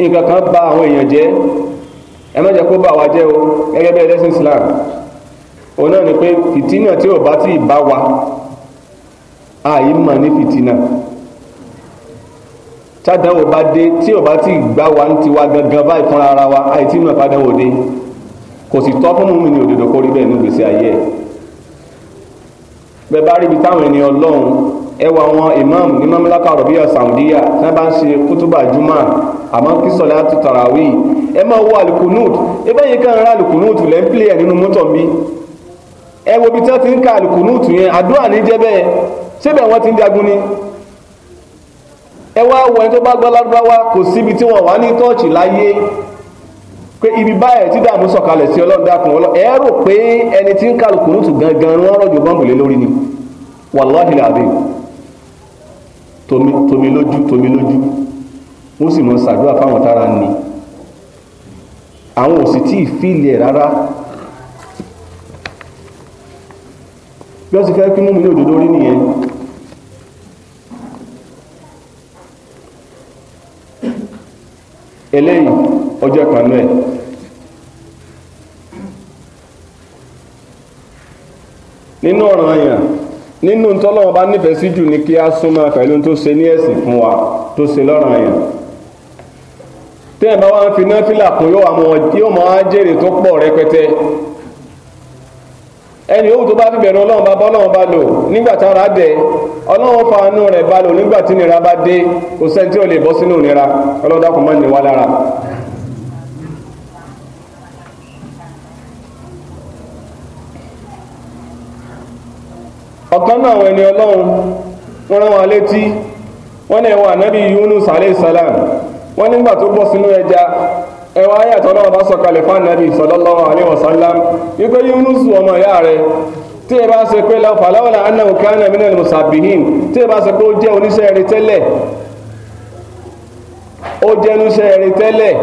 nǹkan kan bà àwọn èèyàn jẹ́ ẹ má jẹ́ kó bà wá jẹ́ o gẹ́gẹ́ bí ẹlẹ́sìn Islam òun náà ni pé fìtínà tí ò bá tí ì bá wa àyí mà ní fìtínà tádàwò bá dé tí ò bá tí ì gbá wa ní tiwa gangan báyìí fúnra ara wa àyí tí mà padà wò dé kò sì tọ́ fún mi ní òdodo kórí bẹ́ẹ̀ ní ayé ẹ̀ bẹ́ẹ̀ bá rí ibi táwọn ènìyàn ọlọ́run ẹ wọ imam ní mamlaka arabia saudiya tí wọ́n bá ń ṣe kútúbà juma àmọ́ kí sọ̀lá tó tarawih ẹ máa wọ alukunut ebe yìí kàn rà alukunut lẹ́ ń pìlẹ̀ nínú mọ́tò bí ẹ wo ibi tí wọ́n ti ń ka alukunut yẹn àdúrà ní jẹ́ bẹ́ẹ̀ síbẹ̀ wọ́n ti ń jagun ni ẹ wá wọ ẹni tó bá gbọ́ lárúbáwá kò síbi tí wọ́n wà ní tọ́ọ̀chì pé ibi báyìí tí dààmú sọ̀kalẹ̀ sí ọlọ́run dákun ọlọ́run ẹ rò pé ẹni tí ń kàlù kùnútù gangan wọn rọ̀jò bọ́ǹbù lé lórí ni wàláhì làbẹ́ tomi lójú tomi lójú wọ́n sì mọ̀ ṣàdúrà fáwọn tára ni àwọn ò sì tí ì fíìlì ẹ̀ rárá bí wọ́n ti fẹ́ kí mú mi ní òdodo rí nìyẹn eléyìí ọjọ́ kan náà nínú ọ̀ràn yẹn nínú tọ́lọ́wọ́ bá nífẹ̀ẹ́ sí jù ní kí a súnmọ́ pẹ̀lú tó ṣe ní ẹ̀sìn fún wa tó ṣe lọ́ràn yẹn tẹ́ẹ̀ bá wá ń fi náfìlà kún yóò máa jèrè tó pọ̀ rẹpẹtẹ ẹni yòówù tó bá fi bẹ̀rù ọlọ́run bá bá ọlọ́run bá lò nígbà táwọn ará bẹ̀ ọlọ́run fa inú rẹ̀ bá lò nígbà tí ìnira bá dé kò sẹ́ni tí ò lè bọ́ sínú ìnira ọlọ́run dákun wa lára. ọ̀kan náà àwọn ẹni ọlọ́run wọ́n rán wọn létí wọ́n ní ẹ̀wọ̀n ànábì Yunus alayhi ẹwà ayé àtọ́nà ọba sọ̀kalẹ̀ fánàbì sallallahu alaihi wasallam wípé Yúnúsù ọmọ ìyá rẹ̀ tí ẹ bá ṣe pé fàlàwọ̀lá annahu kana minal musabbihin tí ẹ bá ṣe pé ó jẹ́ oníṣẹ́ rẹ̀ tẹ́lẹ̀ ó jẹ́ oníṣẹ́ rẹ̀ tẹ́lẹ̀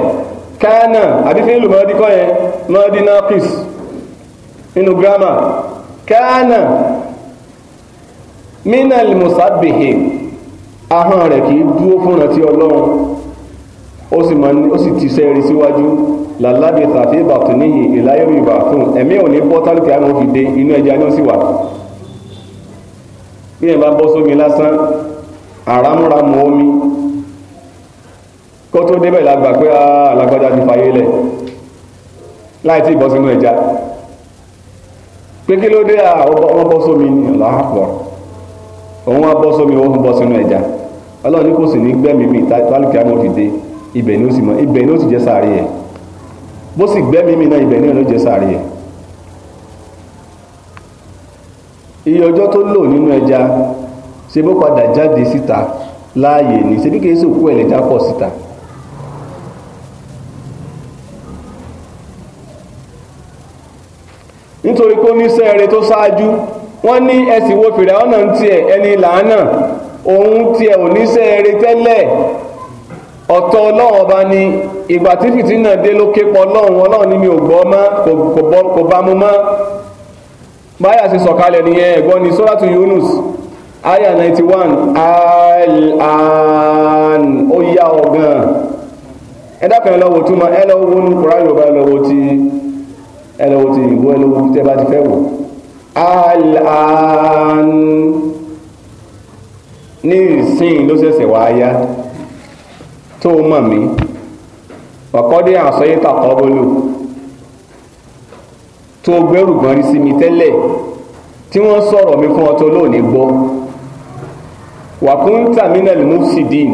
kana àbífẹ́ ìlú mọ́ọ́dí yẹn mọ́ọ́dí nínú gírámà kana minal musabbihin ahọ́n rẹ̀ kì í dúró fún ọ̀nà ọlọ́run ó sì máa ó sì ti sẹ́ẹ̀rí síwájú làlábì tàbí ìbàtún níhì ìláyẹ̀rù ìbàtún ẹ̀mí ò ní bọ́ tálùkì àwọn fi dé inú ẹja ni ó sì wà bí ẹ̀ bá bọ́ sómi lásán àrámúramù omi kó tó débẹ̀ la gbà pé alágbádá ti fàyè lẹ̀ láì tí ì bọ́ sínú ẹja pé kí ló dé àwọn bọ́ sómi ni làápọ̀ òun wá bọ́ sómi òun bọ́ sínú ẹja ọlọ́run kò sì ní gbẹ́mìí mi tálùkì àwọn fi dé ibẹ̀ ni ó sì mọ ibẹ̀ ni ó sì jẹ́ sàárè ẹ̀ bó sì gbẹ́mí mi náà ibẹ̀ náà ló jẹ́ sàárè ẹ̀ iye ọjọ́ tó lò nínú ẹja ṣe bó padà jáde síta láàyè ní ṣe bí kìí sòkú ẹ̀ lẹ́jà pọ̀ síta nítorí kó ní sẹ́ẹ̀rẹ̀ tó ṣáájú wọ́n ní ẹ̀sìn wo fìrà ọ̀nà ń tiẹ̀ ẹni làánà òun tiẹ̀ ò ní sẹ́ẹ̀rẹ̀ tẹ́lẹ̀ ọ̀tọ̀ ọlọ́run ọba ni ìgbà tí fìtínà dé ló ké ọlọ́run ọlọ́run ni mi ò gbọ́ mọ́ kò bá mu mọ́ báyà ṣe sọ̀kalẹ̀ nìyẹn ẹ̀gbọ́n ni sóràtú Yunus aya ninety one al-an ó yá ọ gan ẹ dákun ẹ túmọ̀ ẹ ní kura Yorùbá ẹ lọ wò ti ẹ lọ wò ti ìwọ ẹ lọ bá ti fẹ́ wò al-an ní ìsìn ló ṣẹ̀ṣẹ̀ wá yá tó o mọ̀ mí ọ̀kọ́dé àsọyé tàkọ́ bólú tó o gbẹ́rù gbọ́n rí sí mi tẹ́lẹ̀ tí wọ́n sọ̀rọ̀ mi fún ọ tó lóòní gbọ́ wàkúńtà mínàlì mufsidin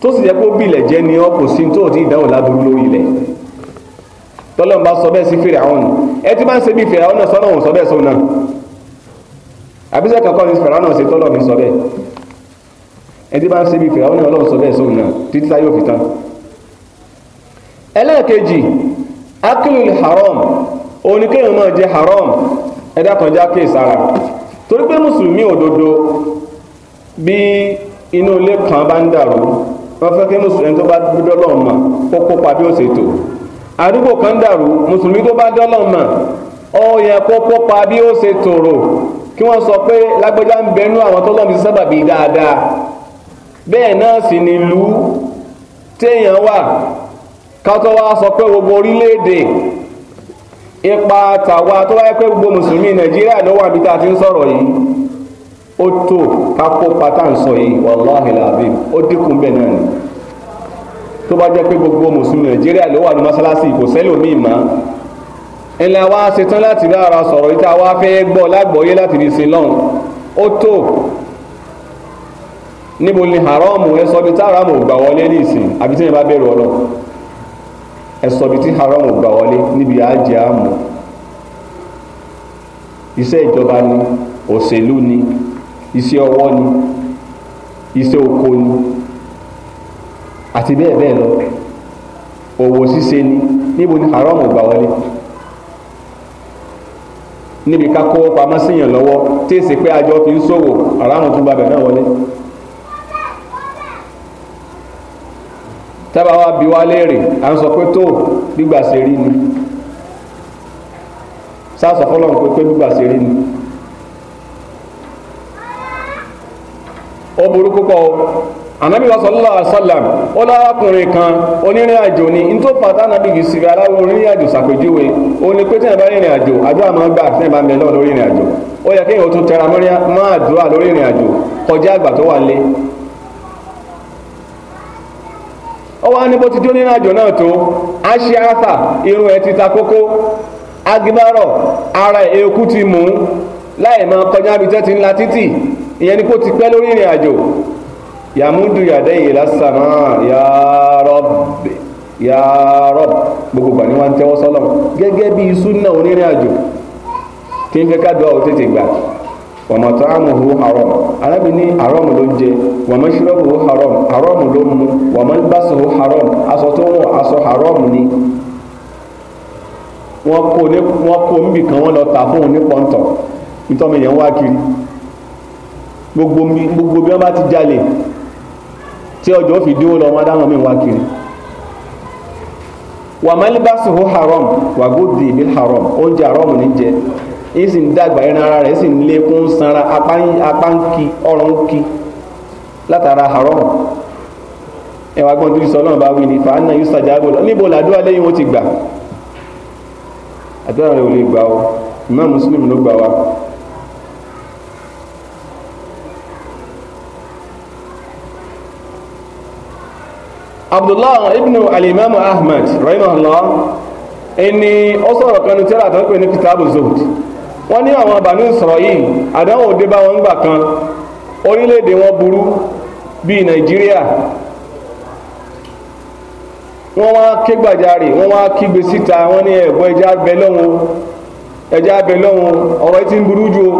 tó sì jẹ́ pé ó bìlẹ̀ jẹ́ ni ọ́ sí tó o ti dánwò ládùúgbò lórí ilẹ̀ tọ́lọ́mùbá sọ bẹ́ẹ̀ sí fèrè àwọn ẹ ti máa ń ṣe bí fèrè àwọn náà sọ́nà òun sọ bẹ́ẹ̀ sóun náà àbísẹ́ kankan ní fèrè àwọn náà ṣe tọ́lọ́mù sọ bẹ́ẹ̀ ẹtí bá ń ṣe bí fìràwọ́n ní ọlọ́run sọ bẹ́ẹ̀ sóun náà títí táyé òfin tán. ẹlẹ́ẹ̀kejì akilul haram oníkéèyàn máa jẹ haram ẹ̀dá kan já kéè sára torí pé mùsùlùmí òdodo bí inú ilé kan bá ń dàrú wọ́n fẹ́ kí mùsùlùmí tó bá dọ́lọ́ mọ̀ kó kópa bí ó ṣe tò àdúgbò kan dàrú mùsùlùmí tó bá dọ́lọ́ mọ̀ ó yẹ kó kópa bí ó ṣe tòrò kí wọ́n sọ pé lágbẹ́já ń bẹnu àwọn tó lọ́mí sábàbí dáadáa bẹ́ẹ̀ náà sì nílùú téèyàn wà kátó wá sọ pé gbogbo orílẹ̀-èdè ipa tàwa tó wáyé pé gbogbo mùsùlùmí nàìjíríà ló wà bíi a ti ń sọ̀rọ̀ yìí ó tó kápó pátá ń sọ yìí wàláhì làbí ó dínkù bẹ́ẹ̀ náà ni tó bá jẹ́ pé gbogbo mùsùlùmí nàìjíríà ló wà ní mọ́sálásì kò sẹ́lòmíì mọ́ ilẹ̀ wa ṣetán láti bá sọ̀rọ̀ yìí tá a wá fẹ́ gbọ́ lágbọ́yé láti fi sin lọ́hùn ó tó níbo ni haramu ẹ sọ bí tí haramu gbà wọlé ní ìsìn àbí tí yẹn bá bẹ̀rù ọlọ ẹ sọ bí tí haramu gbà wọlé níbi àjẹ àmọ́ iṣẹ́ ìjọba ni òṣèlú ni iṣẹ́ ọwọ́ ni iṣẹ́ oko ni àti bẹ́ẹ̀ bẹ́ẹ̀ lọ òwò ṣíṣe ni níbo ni haramu gbà wọlé níbi ká kówó pamọ́ síyàn lọ́wọ́ tí èsì pé àjọ fi ń ṣòwò haramu tún gbàbẹ̀ náà wọlé. tábà wá a wá léèrè à ń sọ pé tó gbígbà ṣe rí ni sáàsọ fọlọ́run pé pé gbígbà ṣe rí ni ó burú púpọ̀ o ànábì wa sọlọ́lá àṣọlàm ó lárakùnrin kan onírìn àjò ni ní tó fàtà ànábì yìí sí aláwọ̀ onírìn àjò ṣàpèjúwe ó ní pé tẹ́yìn bá rìnrìn àjò àdúrà máa gbà bá lórí ìrìn àjò ó yẹ kéèyàn ó tún mọ́ àdúrà kọjá àgbà tó wà ọwọ́ anibó ti dún nínú àjò náà tó aṣíáfà irun ẹ̀ ti ta kókó agbárọ̀ ara eku ti mú láì máa kọjá abitẹ́ ti ńlá títì ìyẹn ni kó ti pẹ́ lórí ìrìn àjò yàmúdù yàdẹ́ yìí lásàmà ya Rabbi ya Rabbi gbogbo gbà ní wọn tẹ́wọ́ sọ́lọ̀ gẹ́gẹ́ bí sunna onírìn àjò kí n fẹ́ ká dọ́ ọ tètè gbà wàmọ̀tọ́ àmùhù haram arábìnrin haram ló ń jẹ wàmọ̀ṣúrọ̀bù haram haram ló ń mu wàmọ̀lbásùhù haram aṣọ tó wọ̀ aṣọ haram ni wọ́n kó wọ́n kó níbì kan wọ́n lọ tà fún un ní pọ́ńtọ̀ nítorí èèyàn wá kiri gbogbo gbogbo bí wọ́n bá ti jalè tí ọjọ́ fi dúró lọ wọ́n dáhùn mi wá kiri wàmọ̀lbásùhù haram wàgódì bil haram oúnjẹ haram ní jẹ yìí sì ń dàgbà ẹran ara rẹ̀ sì ń lékún sanra apá ń ki ọrọ̀ ń ki látara àárọ̀ ẹwà gbọ́n tó ti sọ náà bá wí ni fàánà yóò ṣàjábọ̀ lọ níbo làdúrà lẹ́yìn wọn ti gbà àdúrà rẹ̀ ò lè gbà o ìmọ̀ mùsùlùmí ló gbà wá. abdullah ibn alimami ahmed rahimahullah ẹni ó sọ̀rọ̀ kanu tẹ́lá tó ní kitabu zuhud wọ́n ní àwọn Banu yìí àdánwò dé bá wọn gbà kan orílẹ̀-èdè wọn burú bí i Nàìjíríà wọ́n wá ké gbàjarè wọ́n wá kígbe síta wọ́n ní ẹ̀bọ ẹja abẹ lọ́wọ́ ẹja abẹ lọ́wọ́ ọ̀rọ̀ ẹ ti ń burú ju o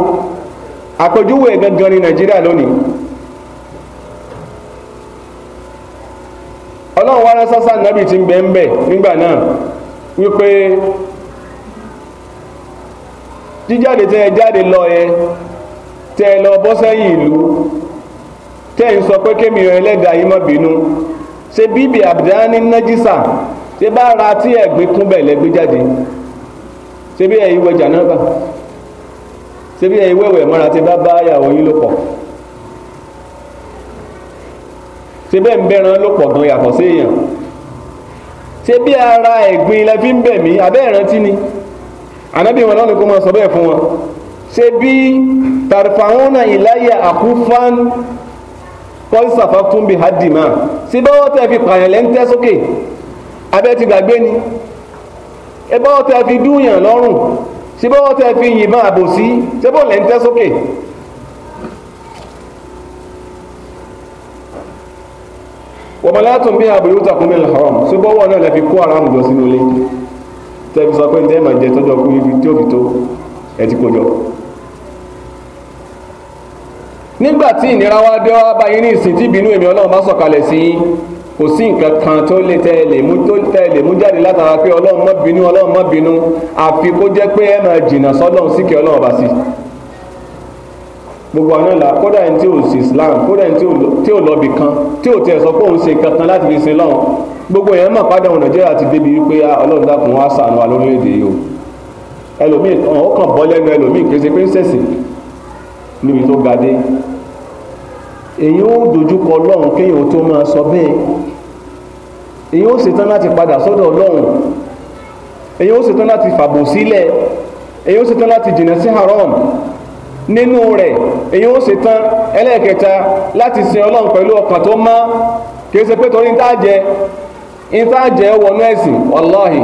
àpèjúwe gangan ní Nàìjíríà lónìí. ọlọ́run wá rẹ́ sásá nàbì tí ń bẹ ń bẹ nígbà náà wípé jíjáde tẹ́ ẹ jáde lọ yẹn tẹ́ ẹ lọ bọ́ sẹ́yìn ìlú tẹ́ ẹ ń sọ pé kémi ẹlẹ́dàá yìí má bínú ṣe bíbí àbdáni nájísà ṣe bá ra tí ẹ gbé kún bẹ́ẹ̀ lẹ́gbẹ́ jáde ṣe bí ẹ yí wẹ̀ jànáàbà ṣe bí ẹ yí wẹ̀wẹ̀ mọ́ra tí bá bá ìyàwó yín lò pọ̀ ṣe bẹ́ẹ̀ ń bẹ́ran ló pọ̀ gan yàtọ̀ sí èèyàn ṣe bí ara ẹ̀gbin lẹ ń bẹ̀ mí abẹ́ ìrántí ni anabi wọn lọ́nà kó máa sọ bẹ́ẹ̀ fún wọn ṣe bí tarfahuna ìláyà àkúfán pọ́lísàfà tún bí hadìmá sí bọ́wọ́ tẹ́ fi pààyàn lẹ́ńtẹ́ sókè abẹ́ ti gbàgbé ni ẹ bọ́wọ́ tẹ́ fi dúyàn lọ́rùn sí bọ́wọ́ tẹ́ fi yìnbọn àbòsí ṣé bọ́ lẹ́ńtẹ́ sókè. wọ́n mọ̀ látùn bí àbòyútà kún mi lọ́rùn sí bọ́wọ́ náà lẹ́ fi kó ara mùjọ sínú ilé tẹ́bi sọ pé ní tẹ́ẹ̀mà jẹ tọ́jọ́ kú ibi tí òbí tó ẹ ti kójọ. nígbà tí ìnira wá dé wá bá yín ní ìsìn tí ìbínú èmi ọlọ́run bá sọ̀kalẹ̀ sí yín kò sí nǹkan kan tó lè tẹ́lẹ̀ mú tó tẹ́lẹ̀ mú jáde látara pé ọlọ́run má bínú ọlọ́run má bínú àfi kó jẹ́ pé ẹ máa jìnnà sọ́lọ́run síkẹ́ ọlọ́run bá sí i gbogbo àwọn ìlà kódà ẹni tí ò sí islam kódà ẹni tí ò lọ bì kan tí ò tiẹ̀ sọ pé òun ṣe kankan láti fi sin lọ́hùn gbogbo yẹn mà padà wọn nàìjíríà ti débi wípé ah, ọlọ́run dákun wá ṣàánú wa lórílẹ̀‐èdè yìí o ẹlòmíì ọ̀hún kàn bọ́ lẹ́nu ẹlòmíì kì í ṣe píńsẹ̀sì níbi tó ga dé èyí ó dojúkọ ọlọ́run kéèyàn tó máa sọ bẹ́ẹ̀ èyí ó ṣetán láti padà sọ́dọ̀ ọlọ́run èyí ó ṣetán láti fàbò sílẹ̀ èyí ó ṣetán láti jìnnà sí haram nínú rẹ̀ èyí ó se tán ẹlẹ́ẹ̀kẹta láti sin ọlọ́run pẹ̀lú ọkàn tó mọ́ kìí ṣe pé torí ń tàjẹ́ ń tàjẹ́ wọnú ẹ̀sìn wàláhì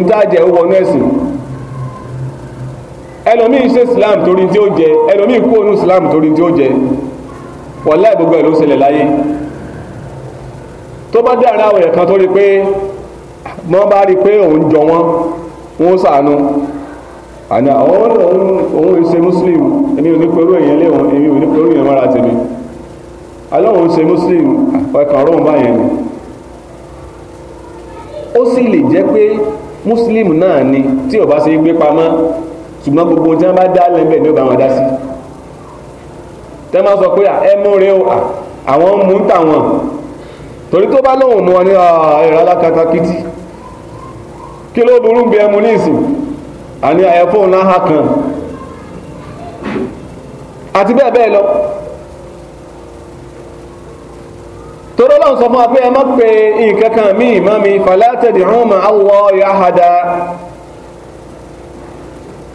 ń tàjẹ́ wọnú ẹ̀sìn ẹlòmíì ṣe islam torí tí ó jẹ ẹlòmíì kú ònú islam torí tí ó jẹ wàláhì ló ṣẹlẹ̀ láyé tó bá dára àwọn ẹ̀kan pé bá rí pé òun jọ wọ́n àná òun òun ìṣe muslim èmi ò ní pẹ̀lú èèyàn lé òun èmi ò ní pẹ̀lú èèyàn mọ́ra tèmi aláwọ̀ ìṣe muslim ọkàn ọ̀rọ̀ báyẹn ni ó sì lè jẹ́ pé muslim náà ni tí ó bá ṣe gbé pamọ́ ṣùgbọ́n gbogbo tí wọ́n bá dá lẹ́bẹ̀ ní ọba wọn dá sí tẹ́ máa sọ pé ẹ mú rẹ o àwọn mú ń tàwọn torí tó bá lóun mú wọn ní ẹ̀rọ alákatakítí kí ló burú bí ẹ mú ní ìsìn àní ni náà n'aha kan àti bẹ́ẹ̀ bẹ́ẹ̀ lọ torí ọlọ́run sọ fún wa pé ẹ má pe nǹkan kan míì mi fàlátẹ̀dì hàn mà áwọ̀ yahada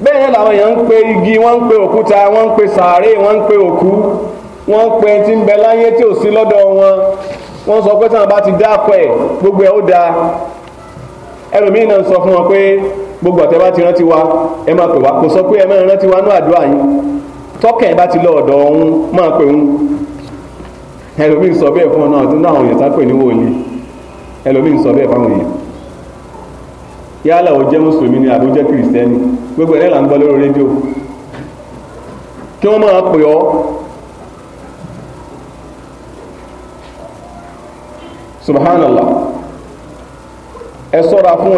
bẹ́ẹ̀ náà làwọn èèyàn ń pe igi wọ́n ń pe òkúta wọ́n ń pe sàárè wọ́n ń pe òkú wọ́n ń pe ti ń bẹ láyé lọ́dọ̀ wọn wọ́n sọ pé bá ti gbogbo ẹ̀ ó da. sọ wọn gbogbo àtẹ bá ti rántí wa ẹ máa pè wá kò sọ pé ẹ máa rántí wa ní àdúrà yín tọkàn ẹ bá ti lọ ọ̀dọ̀ ọ̀hún máa pè ń ẹlòmíì sọ bẹ́ẹ̀ fún ọ náà tó náà òyìn sápè ní wòlíì ẹlòmíì sọ bẹ́ẹ̀ fáwọn èèyàn yálà ó jẹ́ mùsùlùmí ni àbí ó jẹ́ kìrìsìtẹ́nì gbogbo là ń gbọ́ lórí rédíò kí wọ́n máa pè ọ́ subhanallah ẹ sọ́ra fún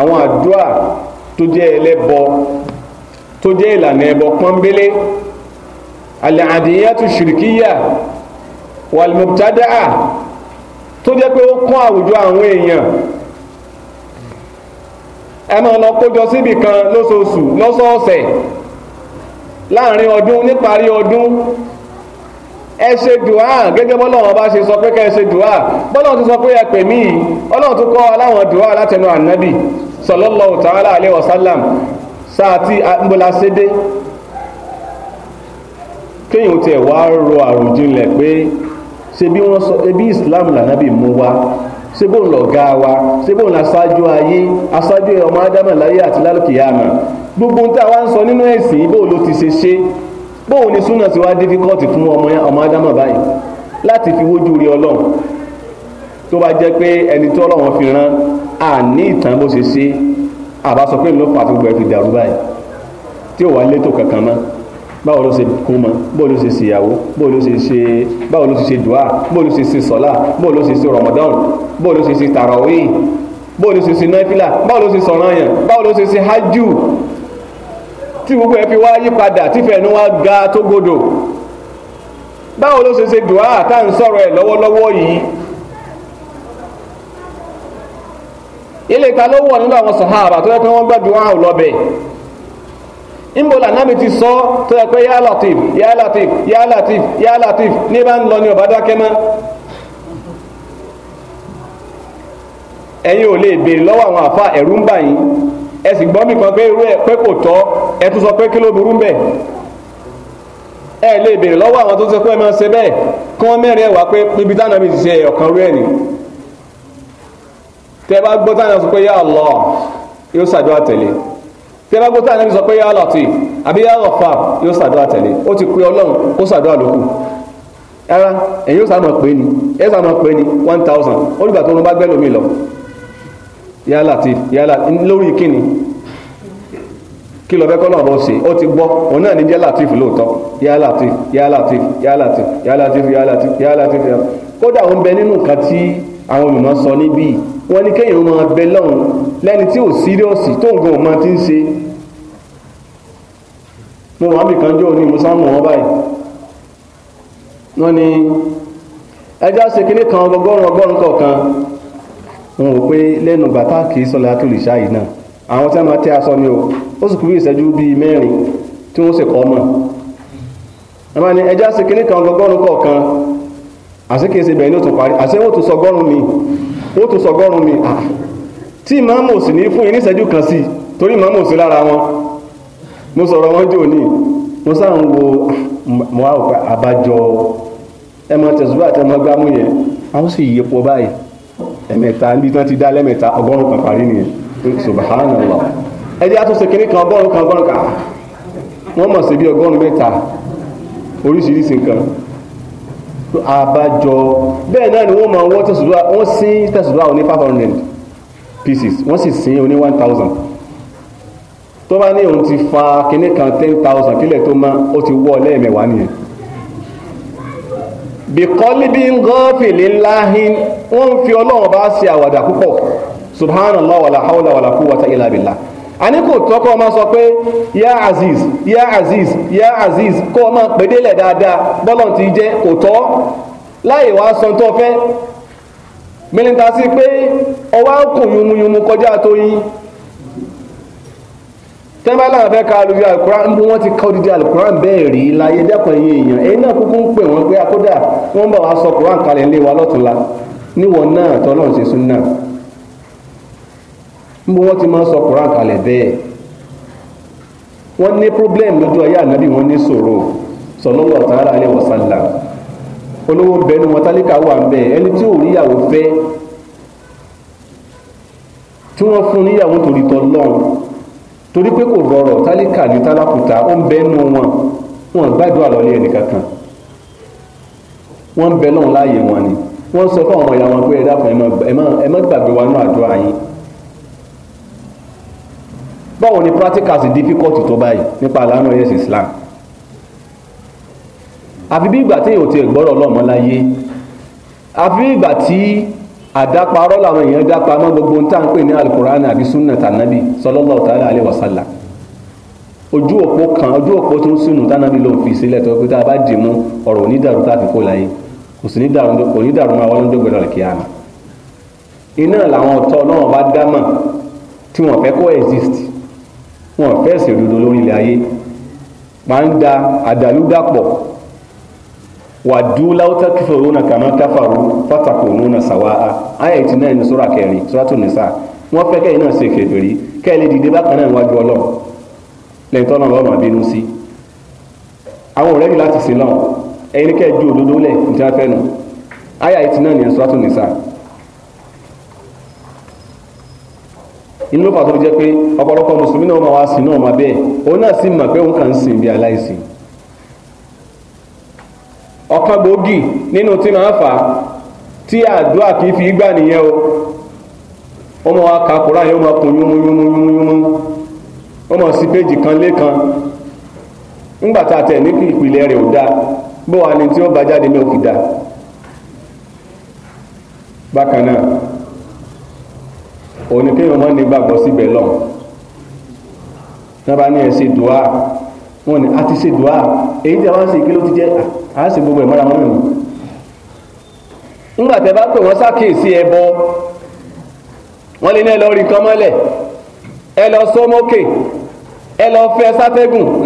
àwọn àdúrà tó jẹ́ ẹlẹ́bọ tó jẹ́ ìlànà ẹbọ pọ́nbélé alẹ́ àdìyàtú ṣìrìkíyà wàlmùtádàá tó jẹ́ pé ó kún àwùjọ àwọn èèyàn ẹ máa lọ kójọ síbì kan lóṣooṣù lọ́sọ̀ọ̀sẹ̀ láàrin ọdún níparí ọdún ẹ ṣe dùá gẹ́gẹ́ ọba bá ṣe sọ pé ká ẹ ṣe dùá ti sọ pé ẹ pè mí ọlọ́run tó kọ́ aláwọn dùá látẹnu ànábì sallallahu ta'ala alaihi wasallam sáàtì mbọlásẹdẹ kéèyàn tiẹ̀ wá ro ṣe bí wọ́n sọ ebi Islam lànàbì mú wa ṣe bóun wa ṣe bóun aṣáájú ayé aṣáájú ọmọ ádámà láyé àti lálùkìyàmà gbogbo ohun tí a wá ń sọ nínú ẹ̀sìn bóun ló bóun ni súnà sí wá dífíkọ́tì fún ọmọ ọmọ ádámà báyìí láti fi wójú rí ọlọ́run tó bá jẹ́ pé ẹni tí ọlọ́run fi rán à ní ìtàn bó ṣe ṣe àbá sọ pé ìlú pàtó gbẹ fi dàrú báyìí tí ò wá létò kankan mọ́ báwo ló ṣe kú mọ́ báwo ló ṣe ṣèyàwó báwo ló ṣe ṣe báwo ló ṣe ṣe dùá báwo ló ṣe ṣe sọ́lá báwo ló ṣe ṣe rọmọdán báwo ló ṣe ṣe tàràwíì báwo ló ṣe ṣe náfìlà báwo ló ṣe ṣọ̀ranyàn báwo ló ṣe ṣe hájù tí gbogbo ẹ fi wá yí padà tífẹ̀ẹ́nu wá ga tó gbọdọ̀ báwo ló ṣe ṣe dùá tá ń sọ̀rọ̀ ẹ̀ lọ́wọ́lọ́wọ́ yìí ilé ta ló wọ̀ nínú àwọn sàhábà tó yẹ pé wọ́n gbá dùá ò lọ́bẹ̀ ti sọ tó yẹ pé yá latif yá latif yá latif yá latif ní bá ń lọ ní dákẹ́ mọ́ ẹ sì gbọ́ mi kan pé irú ẹ̀ pé kò tọ́ ẹ tún sọ pé kí ló burú ń bẹ̀ ẹ lè béèrè lọ́wọ́ àwọn tó ń sọ pé ẹ máa ṣe bẹ́ẹ̀ kí wọ́n mẹ́rin ẹ̀ wá pé níbi táwọn mi ti ṣe ọ̀kan rú ẹ̀ ni tẹ́ bá gbọ́ táwọn sọ pé yá Allah yóò ṣàdúrà tẹ̀lé tẹ́ bá gbọ́ táwọn sọ pé yá Latif àbí yá Ghaffar yóò ṣàdúrà tẹ̀lé ó ti pe Ọlọ́run ó ṣàdúrà lókù rárá ẹ̀yin sàmọ̀ pé ni ẹ̀ sàmọ̀ pé ni one thousand ó dìgbà tó ń bá gbẹ́ lómi lọ ya latif ya latif lórí kíni kí lọ fẹ́ kọ́ náà bọ́ sí ó ti gbọ́ òun náà ní jẹ́ latif lóòótọ́ ya latif ya latif ya latif ya latif ya latif ya latif ya kódà òun bẹ nínú nǹkan tí àwọn olùmọ̀ sọ níbí wọ́n ní kéèyàn máa bẹ lọ́hùn lẹ́ni tí ò síríọ̀sì tó nǹkan ò máa ti ń ṣe mo wà bìkan jọ ní musa mọ̀ wọ́n báyìí wọ́n ní ẹja ṣe kinní kan ọgọ́rùn ọgọ́rùn kọ̀ọ̀kan wọn ò pé lẹ́nu bàtà kì í sọlá tó lè ṣá yìí náà àwọn tí wọn máa tẹ aṣọ ni o ó sì kú bí ìṣẹ́jú bíi mẹ́rin tí wọ́n sì kọ́ mọ̀ ẹ máa ní ẹja sí kinní kan lọ́gọ́rùn kọ̀ọ̀kan àti kìí ṣe bẹ̀rẹ̀ ní òtún parí àti wọ́n tún sọgọ́rùn mi wọ́n tún sọgọ́rùn mi tí ìmáàmù ò ní fún yín ní ìṣẹ́jú kan sí torí ìmáàmù ò lára wọn mo sọ̀rọ̀ wọn jò ní mo sáà ń wo àbájọ ẹ máa àti ẹ gbámú yẹn àwọn sì yípo báyìí ẹ̀mẹ̀ta níbi tí wọ́n ti dá lẹ́mẹ̀ta ọgọ́rùn kan parí nìyẹn subhanallah ẹ̀jẹ̀ àtúnṣe kìnnì kan ọgọ́rùn kan ọgọ́rùn kan wọ́n mọ̀ sí bí ọgọ́rùn mẹ́ta oríṣiríṣi nǹkan àbájọ bẹ́ẹ̀ náà ni wọ́n máa wọ́n tẹ̀sùdúrà wọ́n sí tẹ̀sùdúrà òní five hundred pieces wọ́n sì sí òní one thousand tó bá ní òun ti fa kìnnì kan ten thousand kílẹ̀ tó má ó ti wọ́ lẹ́ẹ̀mẹ̀wá nìyẹn bìkọ́líbí ń gọ́ọ̀fì líláhìn wọ́n ń fi ọlọ́run bá ṣe àwàdà púpọ̀ subhanallah wàlà hawla wàlà quwwata illa billah kò tọ́kọ́ ọmọ sọ pé ya aziz ya aziz ya aziz kó ọmọ pèdélẹ̀ dáadáa bọ́lọ̀ ti jẹ kò tọ́ láì wá san tó sí pé ọwá ń kùn kọjá tó yín ka lórí alukuran bí wọ́n ti kọ́ dídí alukuran bẹ́ẹ̀ rí láyé dẹ́kun ẹ̀yìn èèyàn ẹ̀yìn náà kúkú ń pè wọ́n pé akódà wọ́n bá wa sọ kuran wa níwọ̀ náà tọ́lọ́run ṣe súnà níbo wọ́n ti máa ń sọ Quran kalẹ̀ bẹ́ẹ̀ wọ́n ní problem lójú ayé ànábì wọ́n ní ṣòro sallallahu ta'ala alaihi wasallam olówó bẹnu wọn tálíkà wà ń bẹ ẹni tí ò ríyàwó fẹ́ tí wọ́n fún níyàwó torí torí pé kò rọrọ̀ tálíkà ní tálákùtà ó ń wọn wọn gbàdúrà kankan wọn ń bẹ láàyè wọn ni. wọ́n sọ fún àwọn ìyá wọn pé ẹ dákun ẹ má gbàgbé wa nínú àdúrà yín báwo ni practicals difficult tó báyìí nípa àlànà ẹ̀sìn Islam àfi bí ìgbà tí èèyàn ti gbọ́dọ̀ lọ́mọ láyé àfi bí ìgbà tí àdáparọ́ làwọn èèyàn dápa mọ́ gbogbo tá à ń pè ní alukur'an àbí sunna tànàbì sallallahu ta'ala alaihi wasallam ojú òpó kan ojú òpó tó ń sùnù tànàbì ló ń fi sílẹ̀ tó pé tá a bá dì mú ọ̀rọ̀ onídàrú tá a fi kó láyé kò sì ní dàrú kò ní dàrú máa wọ́n ló ń dógbè lọ́lẹ̀ kíá iná làwọn ọ̀tọ́ ọlọ́wọ́n bá dámọ̀ tí wọ́n fẹ́ kó exist wọ́n fẹ́ ṣèdodo lórí ilẹ̀ ayé máa ń da àdàlúdàpọ̀ wàdú láwùtá kífòrò náà kàmá káfàrú fàtàkùn náà sàwáà ayé tí náà ní sọ́ra kẹrin sọ́ra tó nìsà wọ́n fẹ́ kẹ́yìn náà ṣe kèfèrí kẹ́lẹ́ dìde bákan náà wájú ọlọ́run lẹ́yìn tọ́nà ọlọ́run àbínú sí àwọn ọ̀rẹ́ ẹ̀yin kẹ́ ju òdodo lẹ̀ ní tí wọ́n fẹ́ nu àyà yìí ti náà pe ọpọlọpọ inú ló fà jẹ́ pé ọ̀pọ̀lọpọ̀ mùsùlùmí náà ma wá sí náà máa bẹ́ẹ̀ òun náà ti ma pé òun kàn ń sìn bí fi gbà nìyẹn o ó máa wá ka kúrò àyè máa kun ó sí péjì kan lé kan ńgbà tá a tẹ̀ bó wà ní tí ó bá jáde náà fi dà bákan náà òní kéèyàn mọ́ ní gbàgbọ́ síbẹ̀ lọ náà bá ní ẹ̀ ṣe dùá wọn ni a ti ṣe dùá èyí tí a wá ń ṣe kí ló ti jẹ́ à ń ṣe gbogbo ẹ̀ mọ́ra wọn nù ńgbà tẹ́ bá pè wọ́n ṣàkíyèsí ẹbọ wọ́n lè ní ẹ rí nǹkan mọ́lẹ̀ ẹ lọ fẹ́ sátẹ́gùn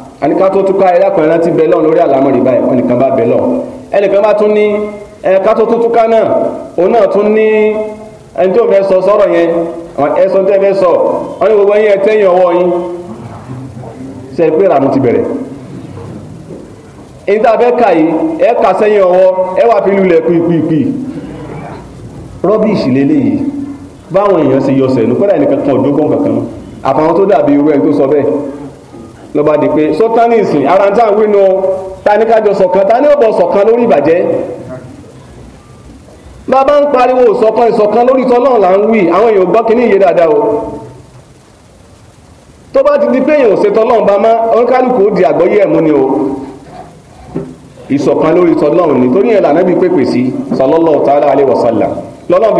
àníkà tó tún ká ẹ̀dá kan rántí bẹ lọ́n lórí àlámọ̀rí báyìí wọn nìkan bá bẹ lọ ẹnìkan bá tún ní ẹ̀ka tó tún ká náà òun náà tún ní ẹni tó fẹ́ sọ sọ̀rọ̀ yẹn ẹsọ tẹ́ fẹ́ sọ wọn ní gbogbo yín ẹtẹ́yìn ọwọ́ yín ṣe pé ràmù ti bẹ̀rẹ̀ èyí tá a fẹ́ kà yìí ẹ kà sẹ́yìn ọwọ́ ẹ wà fi lulẹ̀ pípípí rọ́bìṣì lélẹ́yìí báwọn èèyàn ṣe yọ sẹ́nu kọ́dà ẹnìkan kan ò dógún kankan àfàwọn tó dàbí irú ẹni tó sọ bẹ́ẹ̀ lọ́ba di pé sọ́tánìsì ara ń tà wínú ta ní kájọ ṣọ̀kan ta lórí ìbàjẹ́ bàbá ń pariwo ìṣọ̀kan ìṣọ̀kan lórí tọ́lọ́run là ń wí àwọn èèyàn gbọ́ kínní yé dáadáa o tó bá ti di pé èèyàn ṣe tọ́lọ́run bá má oníkálukú ó ni o ìṣọ̀kan lórí tọ́lọ́run nítorí ẹ̀ lànà bí pèpè sí sallallahu ta'ala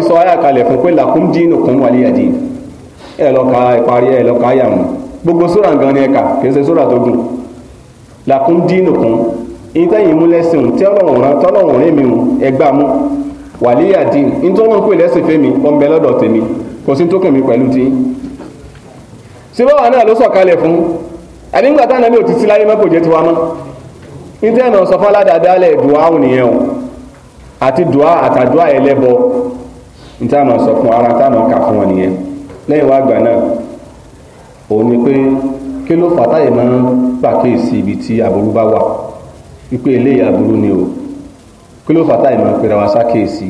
sọ ayé àkàlẹ̀ fún pé ẹ̀ lọ́ka ìparí ẹ̀ lọ́ka ayàmù gbogbo sora gan ni ẹ̀ka kì ṣe tó gùn làkún dínú kún ìtẹ̀yìn mú lẹ́sìn tí ọlọ́run rán mi ẹgbà mú wàlíyà dín nítorí pé lẹ́sìn fẹ́mi ọmọbẹ lọ́dọ̀ tèmi kò sí pẹ̀lú tí. síbáwá náà ló sọ̀kalẹ̀ fún ti láyé jẹ́ tiwa mọ́ náà sọ dùá nìyẹn o àti dùá àtàdùá ẹlẹ́bọ sọ fún ara táwọn kà fún nìyẹn lẹ́yìn wá gbà náà òun ni pé kí ló fà táyé máa ń pàkíyèsí ibi tí aburú bá wà wípé eléyìí aburú ni o kí ló fà táyé máa ń pera wa sákèésí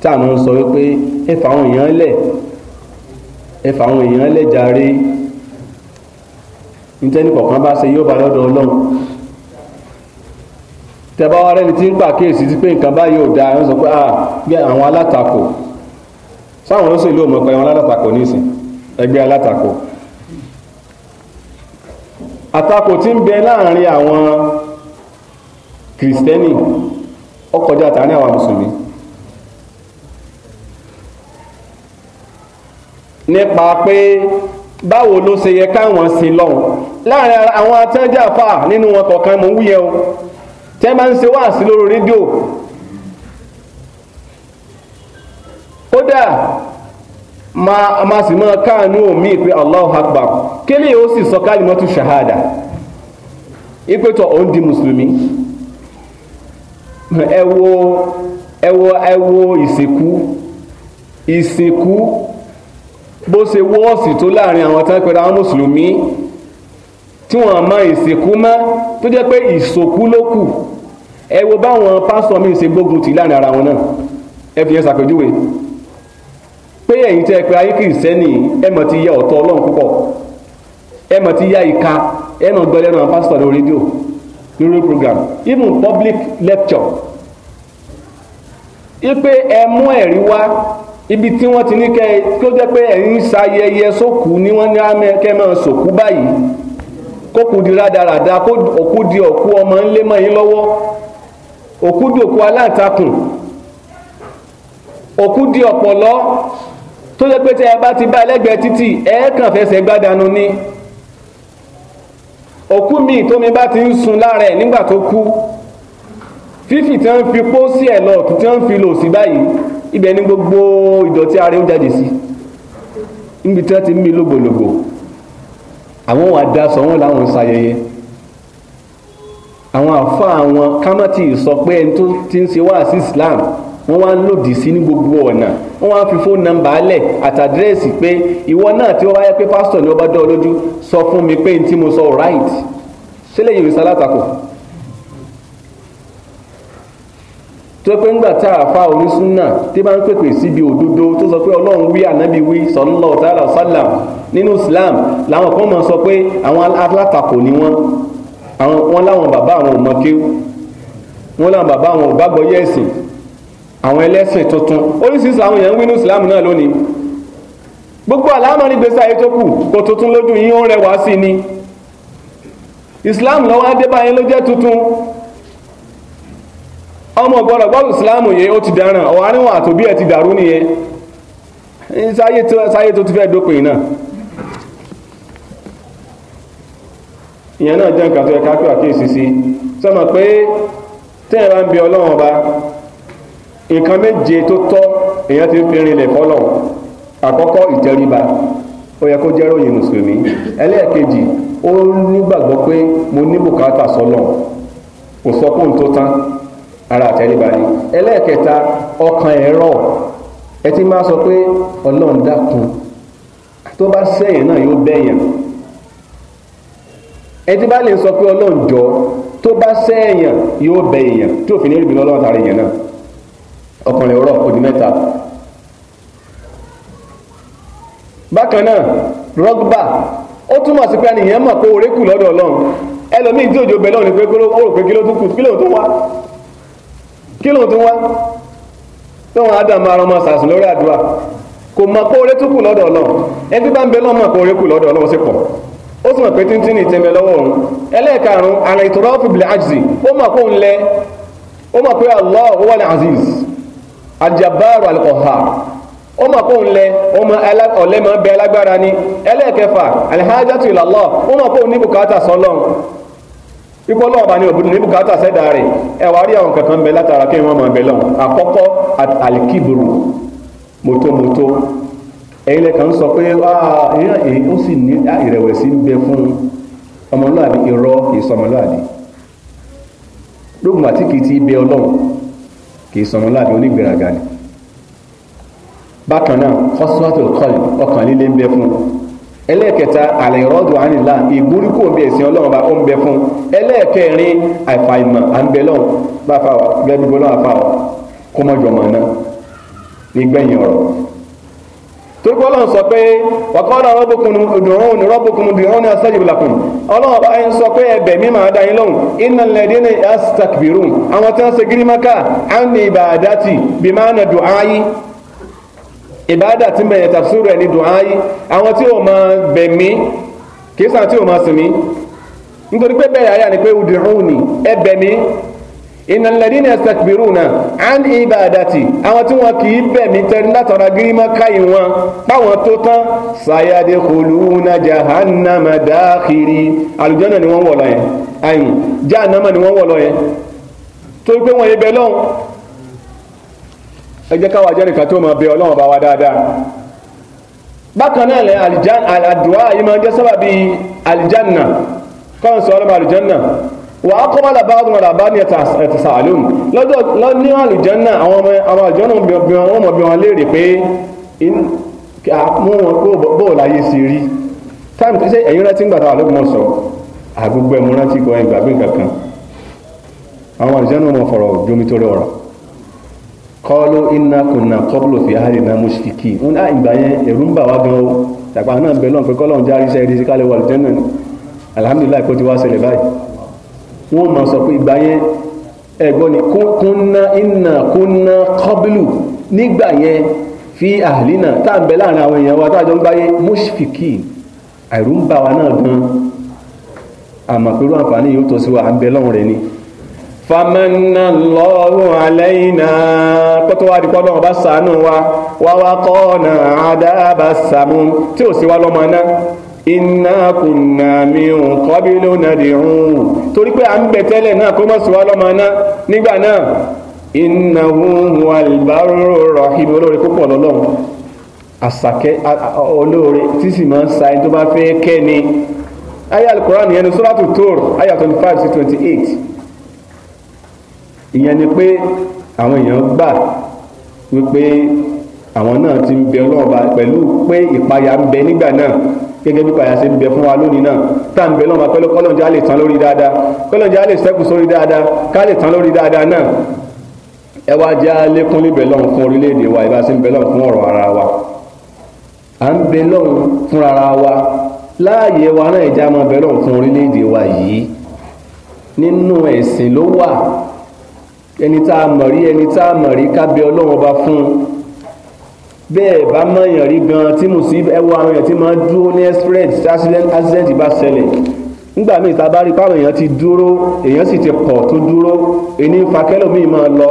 tí àwọn ń sọ wípé ẹ fà àwọn èèyàn lẹ̀ ẹ fà àwọn èèyàn lẹ̀ jàre nítẹ́ni kọ̀ọ̀kan bá ṣe yóò bá lọ́dọ̀ ọlọ́run tẹ́bá wa rẹ́ni tí ń pàkíyèsí sí pé nǹkan báyìí ò dáa ẹ̀ ń sọ pé ah bí àwọn alátakò sáwọn olóṣèlú ò mọ̀ pé àwọn alátakò nísìn ẹgbẹ́ alátakò atako tí ń bẹ láàrin àwọn kìrìsìtẹ́nì ó kọjá àtàrin àwọn mùsùlùmí nípa pé báwo ló ṣe yẹ káwọn ṣe lọ́hùn láàrin àwọn atẹ́jàfà nínú wọn kọ̀ọ̀kan mọ̀ ń wúyẹ o tẹ́ máa ń ṣe wáàsí lórí rédíò kódà máa máa sì máa káànú omi pé Allahu Akbar kílẹ̀ ó sì sọ kalimatu shahada ìpẹ́tọ̀ òun di mùsùlùmí ẹ wo ẹ wo ẹ wo ìsìnkú ìsìnkú bó ṣe wọ́ọ̀sì tó láàrin àwọn tán pẹ̀lú àwọn mùsùlùmí tí wọ́n mọ ìsìnkú mọ́ tó jẹ́ pé ìsòkú ló kù ẹ wo báwọn pásítọ̀ mi ṣe gbógun tì láàrin ara wọn náà ẹ fi yẹn ṣàpèjúwe pé ẹ̀yin tẹ́ pé ayé kìrìsẹ́nì ẹ mọ̀ ti ya ọ̀tọ̀ ọlọ́run púpọ̀ ẹ̀ mọ̀ ti yá ìka ẹ nà gbẹ́lẹ́ pásítọ̀ lórí rédíò program even public lecture ipe ẹ mú ẹ̀rí wá ibi tí wọ́n ti ní kẹ́ kí ó jẹ́ pé ẹ̀yin ṣayẹyẹ ni wọ́n ní amẹ́ kẹ́ ọmọ ńlẹ́ mọ́ yín lọ́wọ́ òkú di òkú aláǹtakùn tó yẹ pé tí ẹ bá ti bá ẹlẹ́gbẹ̀ẹ́ títì ẹ kàn fẹsẹ̀ gbádànù ni òkú míì tómi bá ti ń sun lára ẹ̀ nígbà tó kú fífì tí wọ́n fi pó sí ẹ̀ lọ kí tí wọ́n fi lò sí báyìí ibẹ̀ ni gbogbo ìdọ̀tí ara ń jáde sí níbi tí wọ́n ti ń mi lógbòlògbò àwọn wà da sọ wọn láwọn ṣayẹyẹ àwọn àfa àwọn kámátì sọ pé ẹni tó ti ń ṣe wá sí Islam wọ́n wá ń lòdì sí ní gbogbo ọ̀nà wọ́n wá fi fóònù nọ́mbà alẹ̀ àtàdírẹ́sì pé ìwọ náà tí wọ́n bá yẹ pé pásítọ̀ ni wọ́n bá dán ọ lójú sọ fún mi pé n tí mo sọ right sílẹ̀ yìí sá látakò tó pé ńgbà tá a fa onísúnà tí bá ń pèpè síbi òdodo tó sọ pé ọlọ́run wí ànábì wí sallallahu ta'ala sallam nínú islam làwọn kan máa sọ pé àwọn alátakò ni wọ́n àwọn wọn láwọn bàbá àwọn ò mọ kéwú láwọn bàbá àwọn ò gbàgbọ́ yẹ̀sìn àwọn ẹlẹ́sìn tuntun oríṣiríṣi àwọn èèyàn ń wínú ìsìlámù náà lónìí gbogbo àlámọ̀rí gbèsè ayé tó kù kò tuntun lójú yín ó rẹwà sí ni ìsìlámù lọ́wọ́ adébáyé ló jẹ́ tuntun ọmọ gbọ́dọ̀ gbọ́dọ̀ ìsìlámù yẹn ó ti dáràn ọ̀hún àríwọ̀n àtòbí ẹ̀ ti dàrú nìyẹn sáyé tó ti fẹ́ dópin náà ìyẹn náà jẹ́ nǹkan tó yẹ bi ọlọ́run nǹkan méje tó tọ́ èèyàn ti fi rinlẹ̀ fọ́lọ̀ àkọ́kọ́ ìtẹríba ó yẹ kó jẹ́ ròyìn mùsùlùmí ẹlẹ́ẹ̀kejì ó nígbàgbọ́ pé mo ní bùkátà sọ́lọ̀ kò sọ pé òun tó tán ara àtẹríba ni ẹlẹ́ẹ̀kẹta ọkàn ẹ̀rọ ẹ ti máa sọ pé ọlọ́run dákun tó bá sẹ́yìn náà yóò bẹ̀yàn ẹtí bá lè sọ pé ọlọ́run jọ tó bá sẹ́yìn yóò bẹ̀yàn tí òfin ní ìrìbí lọ́lọ́run tàrí yẹn náà ọkùnrin ọ̀rọ̀ kò di mẹ́ta bákan náà rọgbà ó túmọ̀ sí pé ẹnìyẹn mọ̀ pé oore kù lọ́dọ̀ ọlọ́run ẹlòmíì tí òjò bẹ̀lọ́ ni pé ó rò pé kí ló tún kù kí ló tún wá kí ló tún wá tó wọn adam ara ọmọ lórí àdúrà kò mọ̀ pé lọ́dọ̀ ọlọ́run ẹni tí bá ń bẹ lọ́mọ̀ pé kù lọ́dọ̀ ọlọ́run sì pọ̀ ó sì mọ̀ pé títí ní aljabaru alqahar ọmọ pọ̀ ńlẹ ọmọ ọ̀lẹ́ máa bẹ alágbára ni ẹlẹ́ẹ̀kẹfà alhajatu ilallah ọmọ pọ̀ ní bùkátà sọlọ́n ipò ọlọ́run bá ní òbúdó ní bùkátà rẹ̀ ẹ rí àwọn kankan bẹ látara kí wọ́n máa bẹ lọ́wọ́ àkọ́kọ́ alikiburu mọ́tòmọ́tò ẹ̀yin ń sọ pé ó sì ní ìrẹ̀wẹ̀sì ń bẹ fún ọmọlúwàbí irọ́ ìsọmọlúwàbí lóògùn àtìkì ti bẹ ọlọ́run kì í sọmọláàbí onígbèraga ni bákan náà kọ́síwátò kọ́lì ọkàn líle ń bẹ fún ẹlẹ́ẹ̀kẹta àlẹ́ ìrọ́dù ànilá ìgbóríkò ń bẹ ẹ̀sìn ọlọ́run bá ó ń bẹ fún ẹlẹ́ẹ̀kẹrin àìfàìmọ̀ à ń bẹ lọ́hùn bá fa ọ gẹ́gẹ́ bí gbọ́dọ̀ àfa ọ kó mọ́jọ mọ̀ náà nígbẹ̀yìn ọ̀rọ̀ torípé ọlọ́run sọ pé wàkọ́lá rọ́bùkún dùnrún ní rọ́bùkún dùnrún ní asẹ́jìbìlàkùn ọlọ́run bá ń sọ pé ẹbẹ̀ mi máa da yín lóhùn iná lẹ́dí ní astakbirun àwọn tí wọ́n ṣe gírímákà á ní ìbàdàtì bí máa nà dùn áyí ìbàdà tí bẹ̀yẹ̀ tafsir rẹ̀ ní dùn áyí àwọn tí ò máa bẹ̀ mí kì sàn tí ò máa sìn mí nítorí pé bẹ́ẹ̀ innal ladina yastakbiruna an ibadati àwọn tí wọn kì í bẹ̀ mí tẹ́rí látara gírímọ́ káyì wọn báwọn tó tán sayadkhuluna jahannama dakhiri àlùjànnà ni wọ́n wọ̀ lọ yẹn àyùn jahannama ni wọ́n wọ̀ lọ yẹn torí pé wọ́n yẹ bẹ́ẹ̀ lọ́hùn ẹ jẹ́ káwa jẹ́ nìkan tó máa bẹ ọlọ́run bá wa dáadáa bákan náà lẹ àdúrà yìí máa ń jẹ́ sábàbí àlìjánà kọ́ńsọ̀ ọlọ́mọ àlìjánà wà á kọ́ bàlà báwọn ọ̀rọ̀ àbá ní ẹ̀tẹ̀sà àlùm lọ́jọ́ ní àlùjànnà àwọn ọmọ àwọn àjọ náà bí wọn ọmọ bí wọn léèrè pé mú wọn kó bóò láyé sí rí táìmù tí ẹ̀yìn rántí ń gbà táwọn àlọ́gbọ̀n sọ àgbogbo ẹ̀mú rántí kọ ẹ̀ gbàgbé kankan àwọn àjọ náà mọ̀ fọ̀rọ̀ jomi torí ọ̀rọ̀ kọ́ló iná kùnà kọ́bùlù fi àárẹ̀ náà mùsùlùkì ń dá ìgbà yẹn ẹ̀rù ń bà wá gan o tàpá náà bẹ̀ lọ́n pé kọ́lọ́n járí sẹ́ẹ̀rí sí kálẹ̀ wà lùjẹ́ náà alhamdulillah kó ti wá ṣẹlẹ̀ báyìí wọ́n máa sọ pé ìgbà yẹn ẹ̀gbọ́n ni kúnná iná kúnná kọ́bílù nígbà yẹn fi àhìlínà tá à ń bẹ láàrin àwọn èèyàn wa tá a jọ ń gbáyé mọ́ṣífìkì àìrú ń bá wa náà gan àmọ́ àǹfààní yóò tó sí wa à lọ́rùn rẹ̀ ni. famanna Allahu alayna kótó wa di sànú wa wá wá tí ò sí wa lọ́mọ náà. inna kunna min qabilu nad'uhu torí pé à ń bẹ tẹ́lẹ̀ náà kó má sọ wá nigba nígbà náà innahu huwal rahim olóore púpọ̀ lọ́lọ́run àsàkẹ́ olóore tí sì máa ń sa ẹni tó bá fe kẹ́ ni ní sọ́lá tó tóòrò ayé ni pé àwọn eyan gba wípé àwọn náà ti ń bẹ ọlọ́ọ̀ba pẹ̀lú pé ìpayà ń náà gẹ́gẹ́ bí pàyà ṣe ń bẹ fún wa lónìí náà tá à ń bẹ lọ́mọ pẹ́lú kọ́lọ́njá lè tán lórí dáadáa kọ́lọ́njá lè sẹ́kù sórí dáadáa ká lè tán lórí dáadáa náà ẹ wá jẹ́ alékún níbẹ̀ lọ́hùn fún orílẹ̀-èdè wa ìbá ṣe ń bẹ lọ́hùn fún ọ̀rọ̀ ara wa à ń bẹ lọ́hùn fún ara wa láàyè wa náà ìjà máa bẹ lọ́hùn fún orílẹ̀-èdè wa yìí nínú ẹ̀sìn ló wà ẹni tá a mọ̀ ẹni tá a mọ̀ ká bẹ Ọlọ́run ọba fún un bẹ́ẹ̀ bá mọ̀yàn rí gan tí mo sì ẹwọ́ àwọn èèyàn tí máa dúró ní express accident bá ṣẹlẹ̀ nígbà míì tá a bá rí pàwọn èèyàn ti dúró èèyàn sì ti pọ̀ tó dúró èyí fa kẹ́lòmíì máa lọ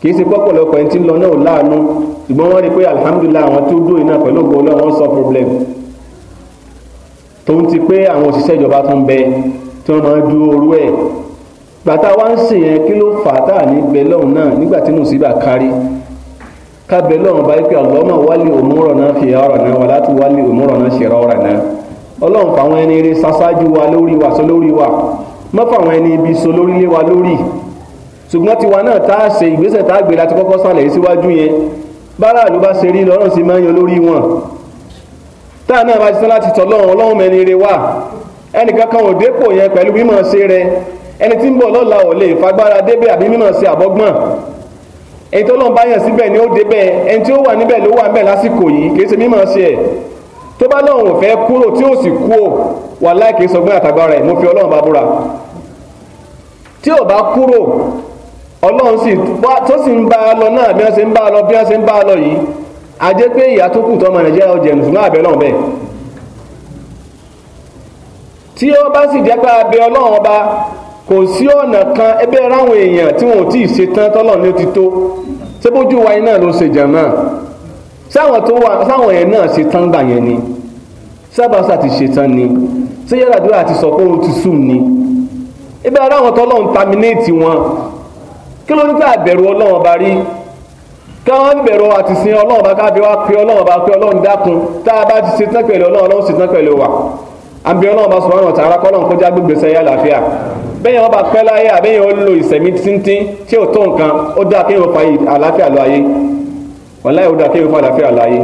kì í ṣe pọ́pọ̀lọpọ̀ ẹni tí ń lọ náà láàánú ṣùgbọ́n wọ́n rí i pé alihamudulilayi àwọn tó dúró iná pẹ̀lú ògbó náà wọ́n sọ problem tó ń ti pé àwọn òṣìṣẹ́ ìjọba tó ń bẹ tí wọ́n máa ń dúró orú ẹ̀ gbàtà wá ń sìn yẹn kí ló fà á tà ní gbẹlọ́hùn náà nígbà tí mùsíbà kárí kábẹ̀ lọ́wọ́n báyìí pé Allahumma wálé òmúrọ̀ náà fi ọ̀rọ̀ náà wà láti wálé òmúrọ̀ náà ṣe ọ̀rọ̀ náà ọlọ́run fàwọn ẹni eré sáṣáájú wa lórí wa sọ lórí wa má fàwọn ẹni ibi sọ lórí lé wa lórí ṣùgbọ́n tiwa náà tá a ṣe ìgbésẹ̀ tá a gbé láti kọ́kọ́ sàlẹ̀ síwájú yẹn báráàlú bá ṣe rí lọ́rùn sí máa ń yan lórí wọn táà náà bá ti tán láti tọ́ lọ́rùn ọlọ́run mẹ́ni eré wa ẹnìkan kan ò dépò yẹn pẹ̀lú mímọ̀ ṣe rẹ ẹni tí ń bọ̀ lọ́la ò lè fagbára débẹ̀ àbí mímọ̀ ṣe àbọ́gbọ́n ẹni tó lọ́n bá yàn síbẹ̀ ni ó débẹ̀ ẹni tí ó wà níbẹ̀ ló wà níbẹ̀ lásìkò yìí kì í ṣe mímọ̀ ṣe ẹ̀ tó bá lọ́hùn ò fẹ́ kúrò tí ó sì kú ò wà láì kì í sọgbọ́n àtàgbára ẹ̀ mo fi ọlọ́run bá búra tí ò bá kúrò ọlọ́run sì tó sì ń bá a lọ náà bí wọ́n ṣe ń bá a lọ bí wọ́n ṣe ń bá a lọ yìí a pé ìyá tó kù tọ́mọ nàìjíríà ọjà ìmùsùlùmí àbẹ̀ náà bẹ́ẹ̀ tí ó bá sì jẹ́ pé abẹ ọlọ́run ọba kò sí ọ̀nà kan ẹbẹ́ ráwọn èèyàn tí wọn ò tí ì ṣe tán tọ́lọ̀ ní ó ti tó ṣé bójú wa iná ló ṣe jàmá sáwọn tó wà sáwọn yẹn náà ṣe tán gbà yẹn ni sábàṣà ti ṣe tán ni ṣé yàrá àti sọ pé ó ti sùn ni ẹbẹ́ ráwọn tọ́lọ̀ ń taminéètì wọn kí ló ń tà bẹ̀rù ọlọ́wọ́n bá rí káwọn bẹ̀rù àti sin ọlọ́wọ́n bá ká bí wá pé ọlọ́wọ́n bá pé ọlọ́run dákun tá a bá ti ṣe tán pẹ̀lú ọlọ́run ọlọ́run ṣe tán pẹ̀lú wa àbí ọlọ́run bá sọ̀rọ̀ ọ̀tà ara kọ́lọ́n kọjá gbígbé sẹ́yà àlàáfíà bẹ́ẹ̀ yẹn wọ́n bá pẹ́ láyé àbẹ́yẹn ó lo ìsẹ̀mí tíntín tí ò tó nǹkan ó dáa kéèyàn fa àlàáfíà lọ ayé wọ́n láyé ó dáa kéèyàn fa àlàáfíà lọ ayé.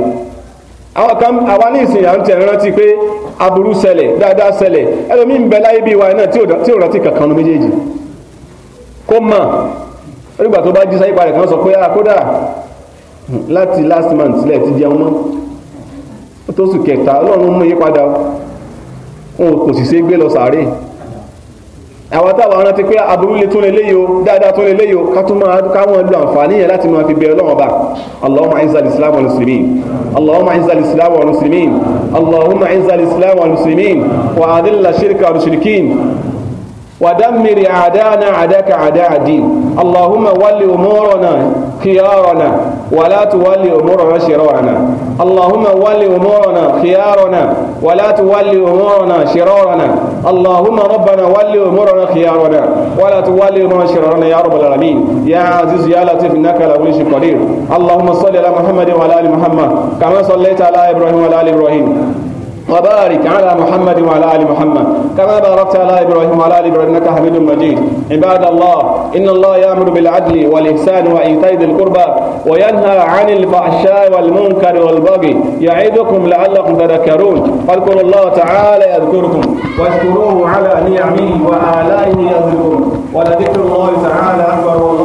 àwọn kan àwa ní ìsìn à ń tẹ̀ rántí pé aburú ṣẹlẹ̀ dáadáa ṣẹlẹ̀ ẹlòmíín bẹ láyé bíi wa náà tí ò rántí kankan méjèèjì kó mọ̀ nígbà tó bá jí sáyé parẹ̀ kan sọ pé ah, kódà láti last month sílẹ̀ ti jẹun mọ́ ó tó sùn kẹta ọlọ́run mú yí padà kò sì ṣe gbé lọ sàárè àwọn táwọn rántí pé aburú lè tún lélẹ́yìí o dáadáa tún lélẹ́yìí o ká tún máa káwọn lu àǹfààní yẹn láti máa fi bẹ ọlọ́run ọba allahumma aiza islam wa muslimin allahumma aiza islam wa muslimin allahumma aiza islam wa muslimin wa adilla shirka wa mushrikin ودمر أعداءنا عداك أعداء الدين اللهم ول أمورنا خيارنا ولا تولي أمورنا شرارنا اللهم ول أمورنا خيارنا ولا تولي أمورنا شرارنا اللهم ربنا ول أمورنا خيارنا ولا تولي أمورنا شرارنا يا رب العالمين يا عزيز يا لطيف إنك لكل قدير اللهم صل على محمد وعلى آل محمد كما صليت على إبراهيم وعلى آل إبراهيم وبارك على محمد وعلى آل محمد كما باركت على إبراهيم وعلى آل إبراهيم إنك حميد مجيد عباد الله إن الله يأمر بالعدل والإحسان وإيتاء ذي القربى وينهى عن الفحشاء والمنكر والبغي يعظكم لعلكم تذكرون فاذكروا الله تعالى يذكركم واشكروه على نعمه وآلائه يذكركم ولذكر الله تعالى أكبر